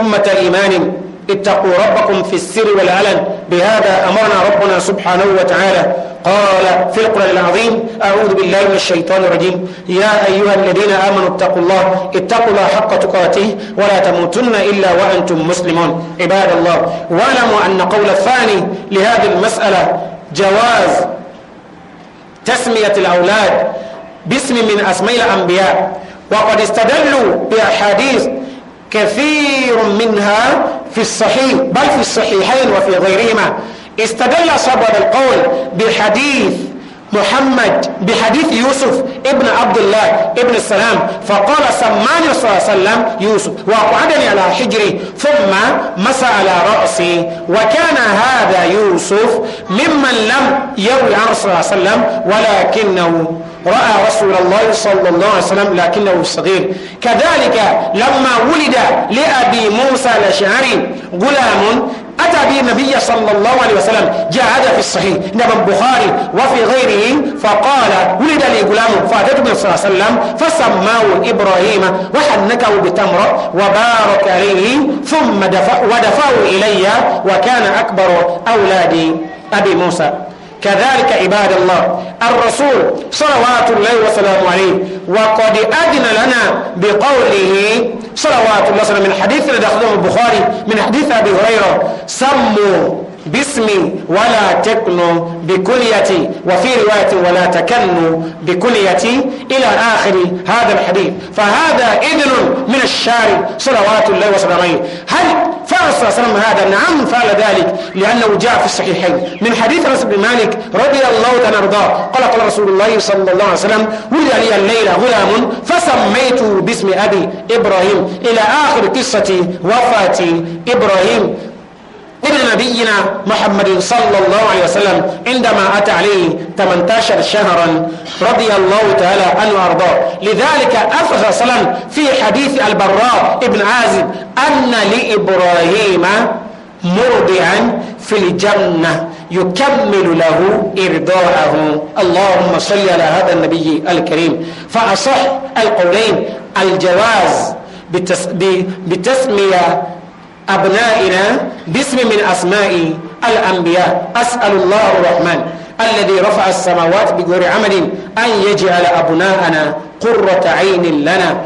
أمة إيمان اتقوا ربكم في السر والعلن بهذا أمرنا ربنا سبحانه وتعالى قال في القرآن العظيم أعوذ بالله من الشيطان الرجيم يا أيها الذين آمنوا اتقوا الله اتقوا الله حق تقاته ولا تموتن إلا وأنتم مسلمون عباد الله واعلموا أن قول الثاني لهذه المسألة جواز تسمية الأولاد باسم من أسماء الأنبياء وقد استدلوا بأحاديث كثير منها في الصحيح بل في الصحيحين وفي غيرهما استدل صبر القول بحديث محمد بحديث يوسف ابن عبد الله ابن السلام فقال سماني صلى الله عليه وسلم يوسف وقعدني على حجري ثم مسى على رأسي وكان هذا يوسف ممن لم يروي عن صلى الله عليه وسلم ولكنه رأى رسول الله صلى الله عليه وسلم لكنه صغير كذلك لما ولد لأبي موسى الأشعري غلام أتى به النبي صلى الله عليه وسلم جاء هذا في الصحيح نبى البخاري وفي غيره فقال ولد لي غلام فأتى النبي صلى الله عليه وسلم فسماه إبراهيم وحنكه بتمرة وبارك عليه ثم ودفعه إلي وكان أكبر أولاد أبي موسى كذلك عباد الله الرسول صلوات الله وسلامه عليه وقد أذن لنا بقوله صلوات الله وسلامه من حديث الذي البخاري من حديث أبي هريرة سموا باسمي ولا تكنوا بكليتي وفي رواية ولا تكنوا بكليتي إلى آخر هذا الحديث فهذا إذن من الشارع صلوات الله وسلامه هل فعل صلى الله عليه وسلم هذا نعم فعل ذلك لأنه جاء في الصحيحين من حديث انس بن مالك رضي الله عنه وأرضاه قال قال رسول الله صلى الله عليه وسلم ولد لي الليلة غلام فسميته باسم أبي إبراهيم إلى آخر قصة وفاة إبراهيم إلى نبينا محمد صلى الله عليه وسلم عندما أتى عليه 18 شهرا رضي الله تعالى عنه وأرضاه لذلك أفغى صلى في حديث البراء ابن عازب أن لإبراهيم مرضعا في الجنة يكمل له إرضاءه اللهم صل على هذا النبي الكريم فأصح القولين الجواز بتسمية أبنائنا باسم من أسماء الأنبياء أسأل الله الرحمن الذي رفع السماوات بغير عمل أن يجعل أبناءنا قرة عين لنا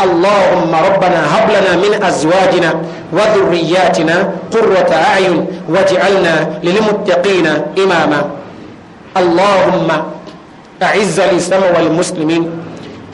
اللهم ربنا هب لنا من أزواجنا وذرياتنا قرة أعين واجعلنا للمتقين إماما اللهم أعز الإسلام والمسلمين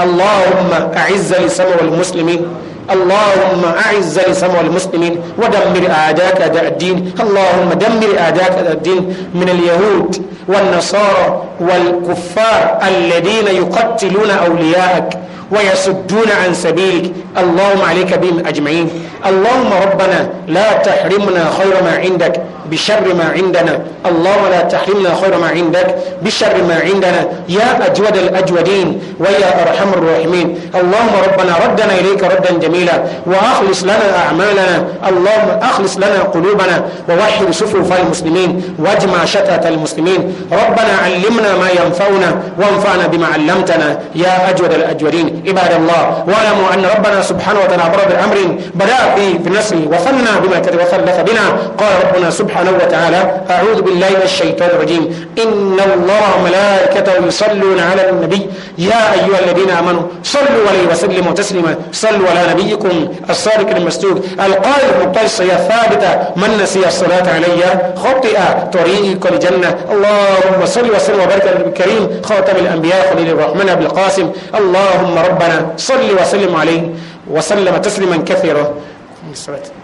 اللهم أعز الإسلام والمسلمين اللهم أعز الإسلام والمسلمين ودمر أعداءك أعداء الدين اللهم دمر أعداءك أعداء الدين من اليهود والنصارى والكفار الذين يقتلون أولياءك ويصدون عن سبيلك اللهم عليك بهم أجمعين اللهم ربنا لا تحرمنا خير ما عندك بشر ما عندنا اللهم لا تحرمنا خير ما عندك بشر ما عندنا يا أجود الأجودين ويا أرحم الراحمين اللهم ربنا ردنا إليك ردا جميلا وأخلص لنا أعمالنا اللهم أخلص لنا قلوبنا ووحد صفوف المسلمين واجمع شتات المسلمين ربنا علمنا ما ينفعنا وانفعنا بما علمتنا يا أجود الأجودين عباد الله واعلموا أن ربنا سبحانه وتعالى أمر بأمر بدأ في نسل وصلنا بما تتوصل بنا قال ربنا سبحانه سبحانه وتعالى أعوذ بالله من الشيطان الرجيم إن الله ملائكته يصلون على النبي يا أيها الذين آمنوا صلوا عليه وسلموا تسليما صلوا على نبيكم الصادق المسدود القائد المقتصة الثابتة من نسي الصلاة علي خطئ طريق الجنة اللهم صل وسلم وبارك على الكريم خاتم الأنبياء خليل الرحمن أبي القاسم اللهم ربنا صل وسلم عليه وسلم تسليما كثيرا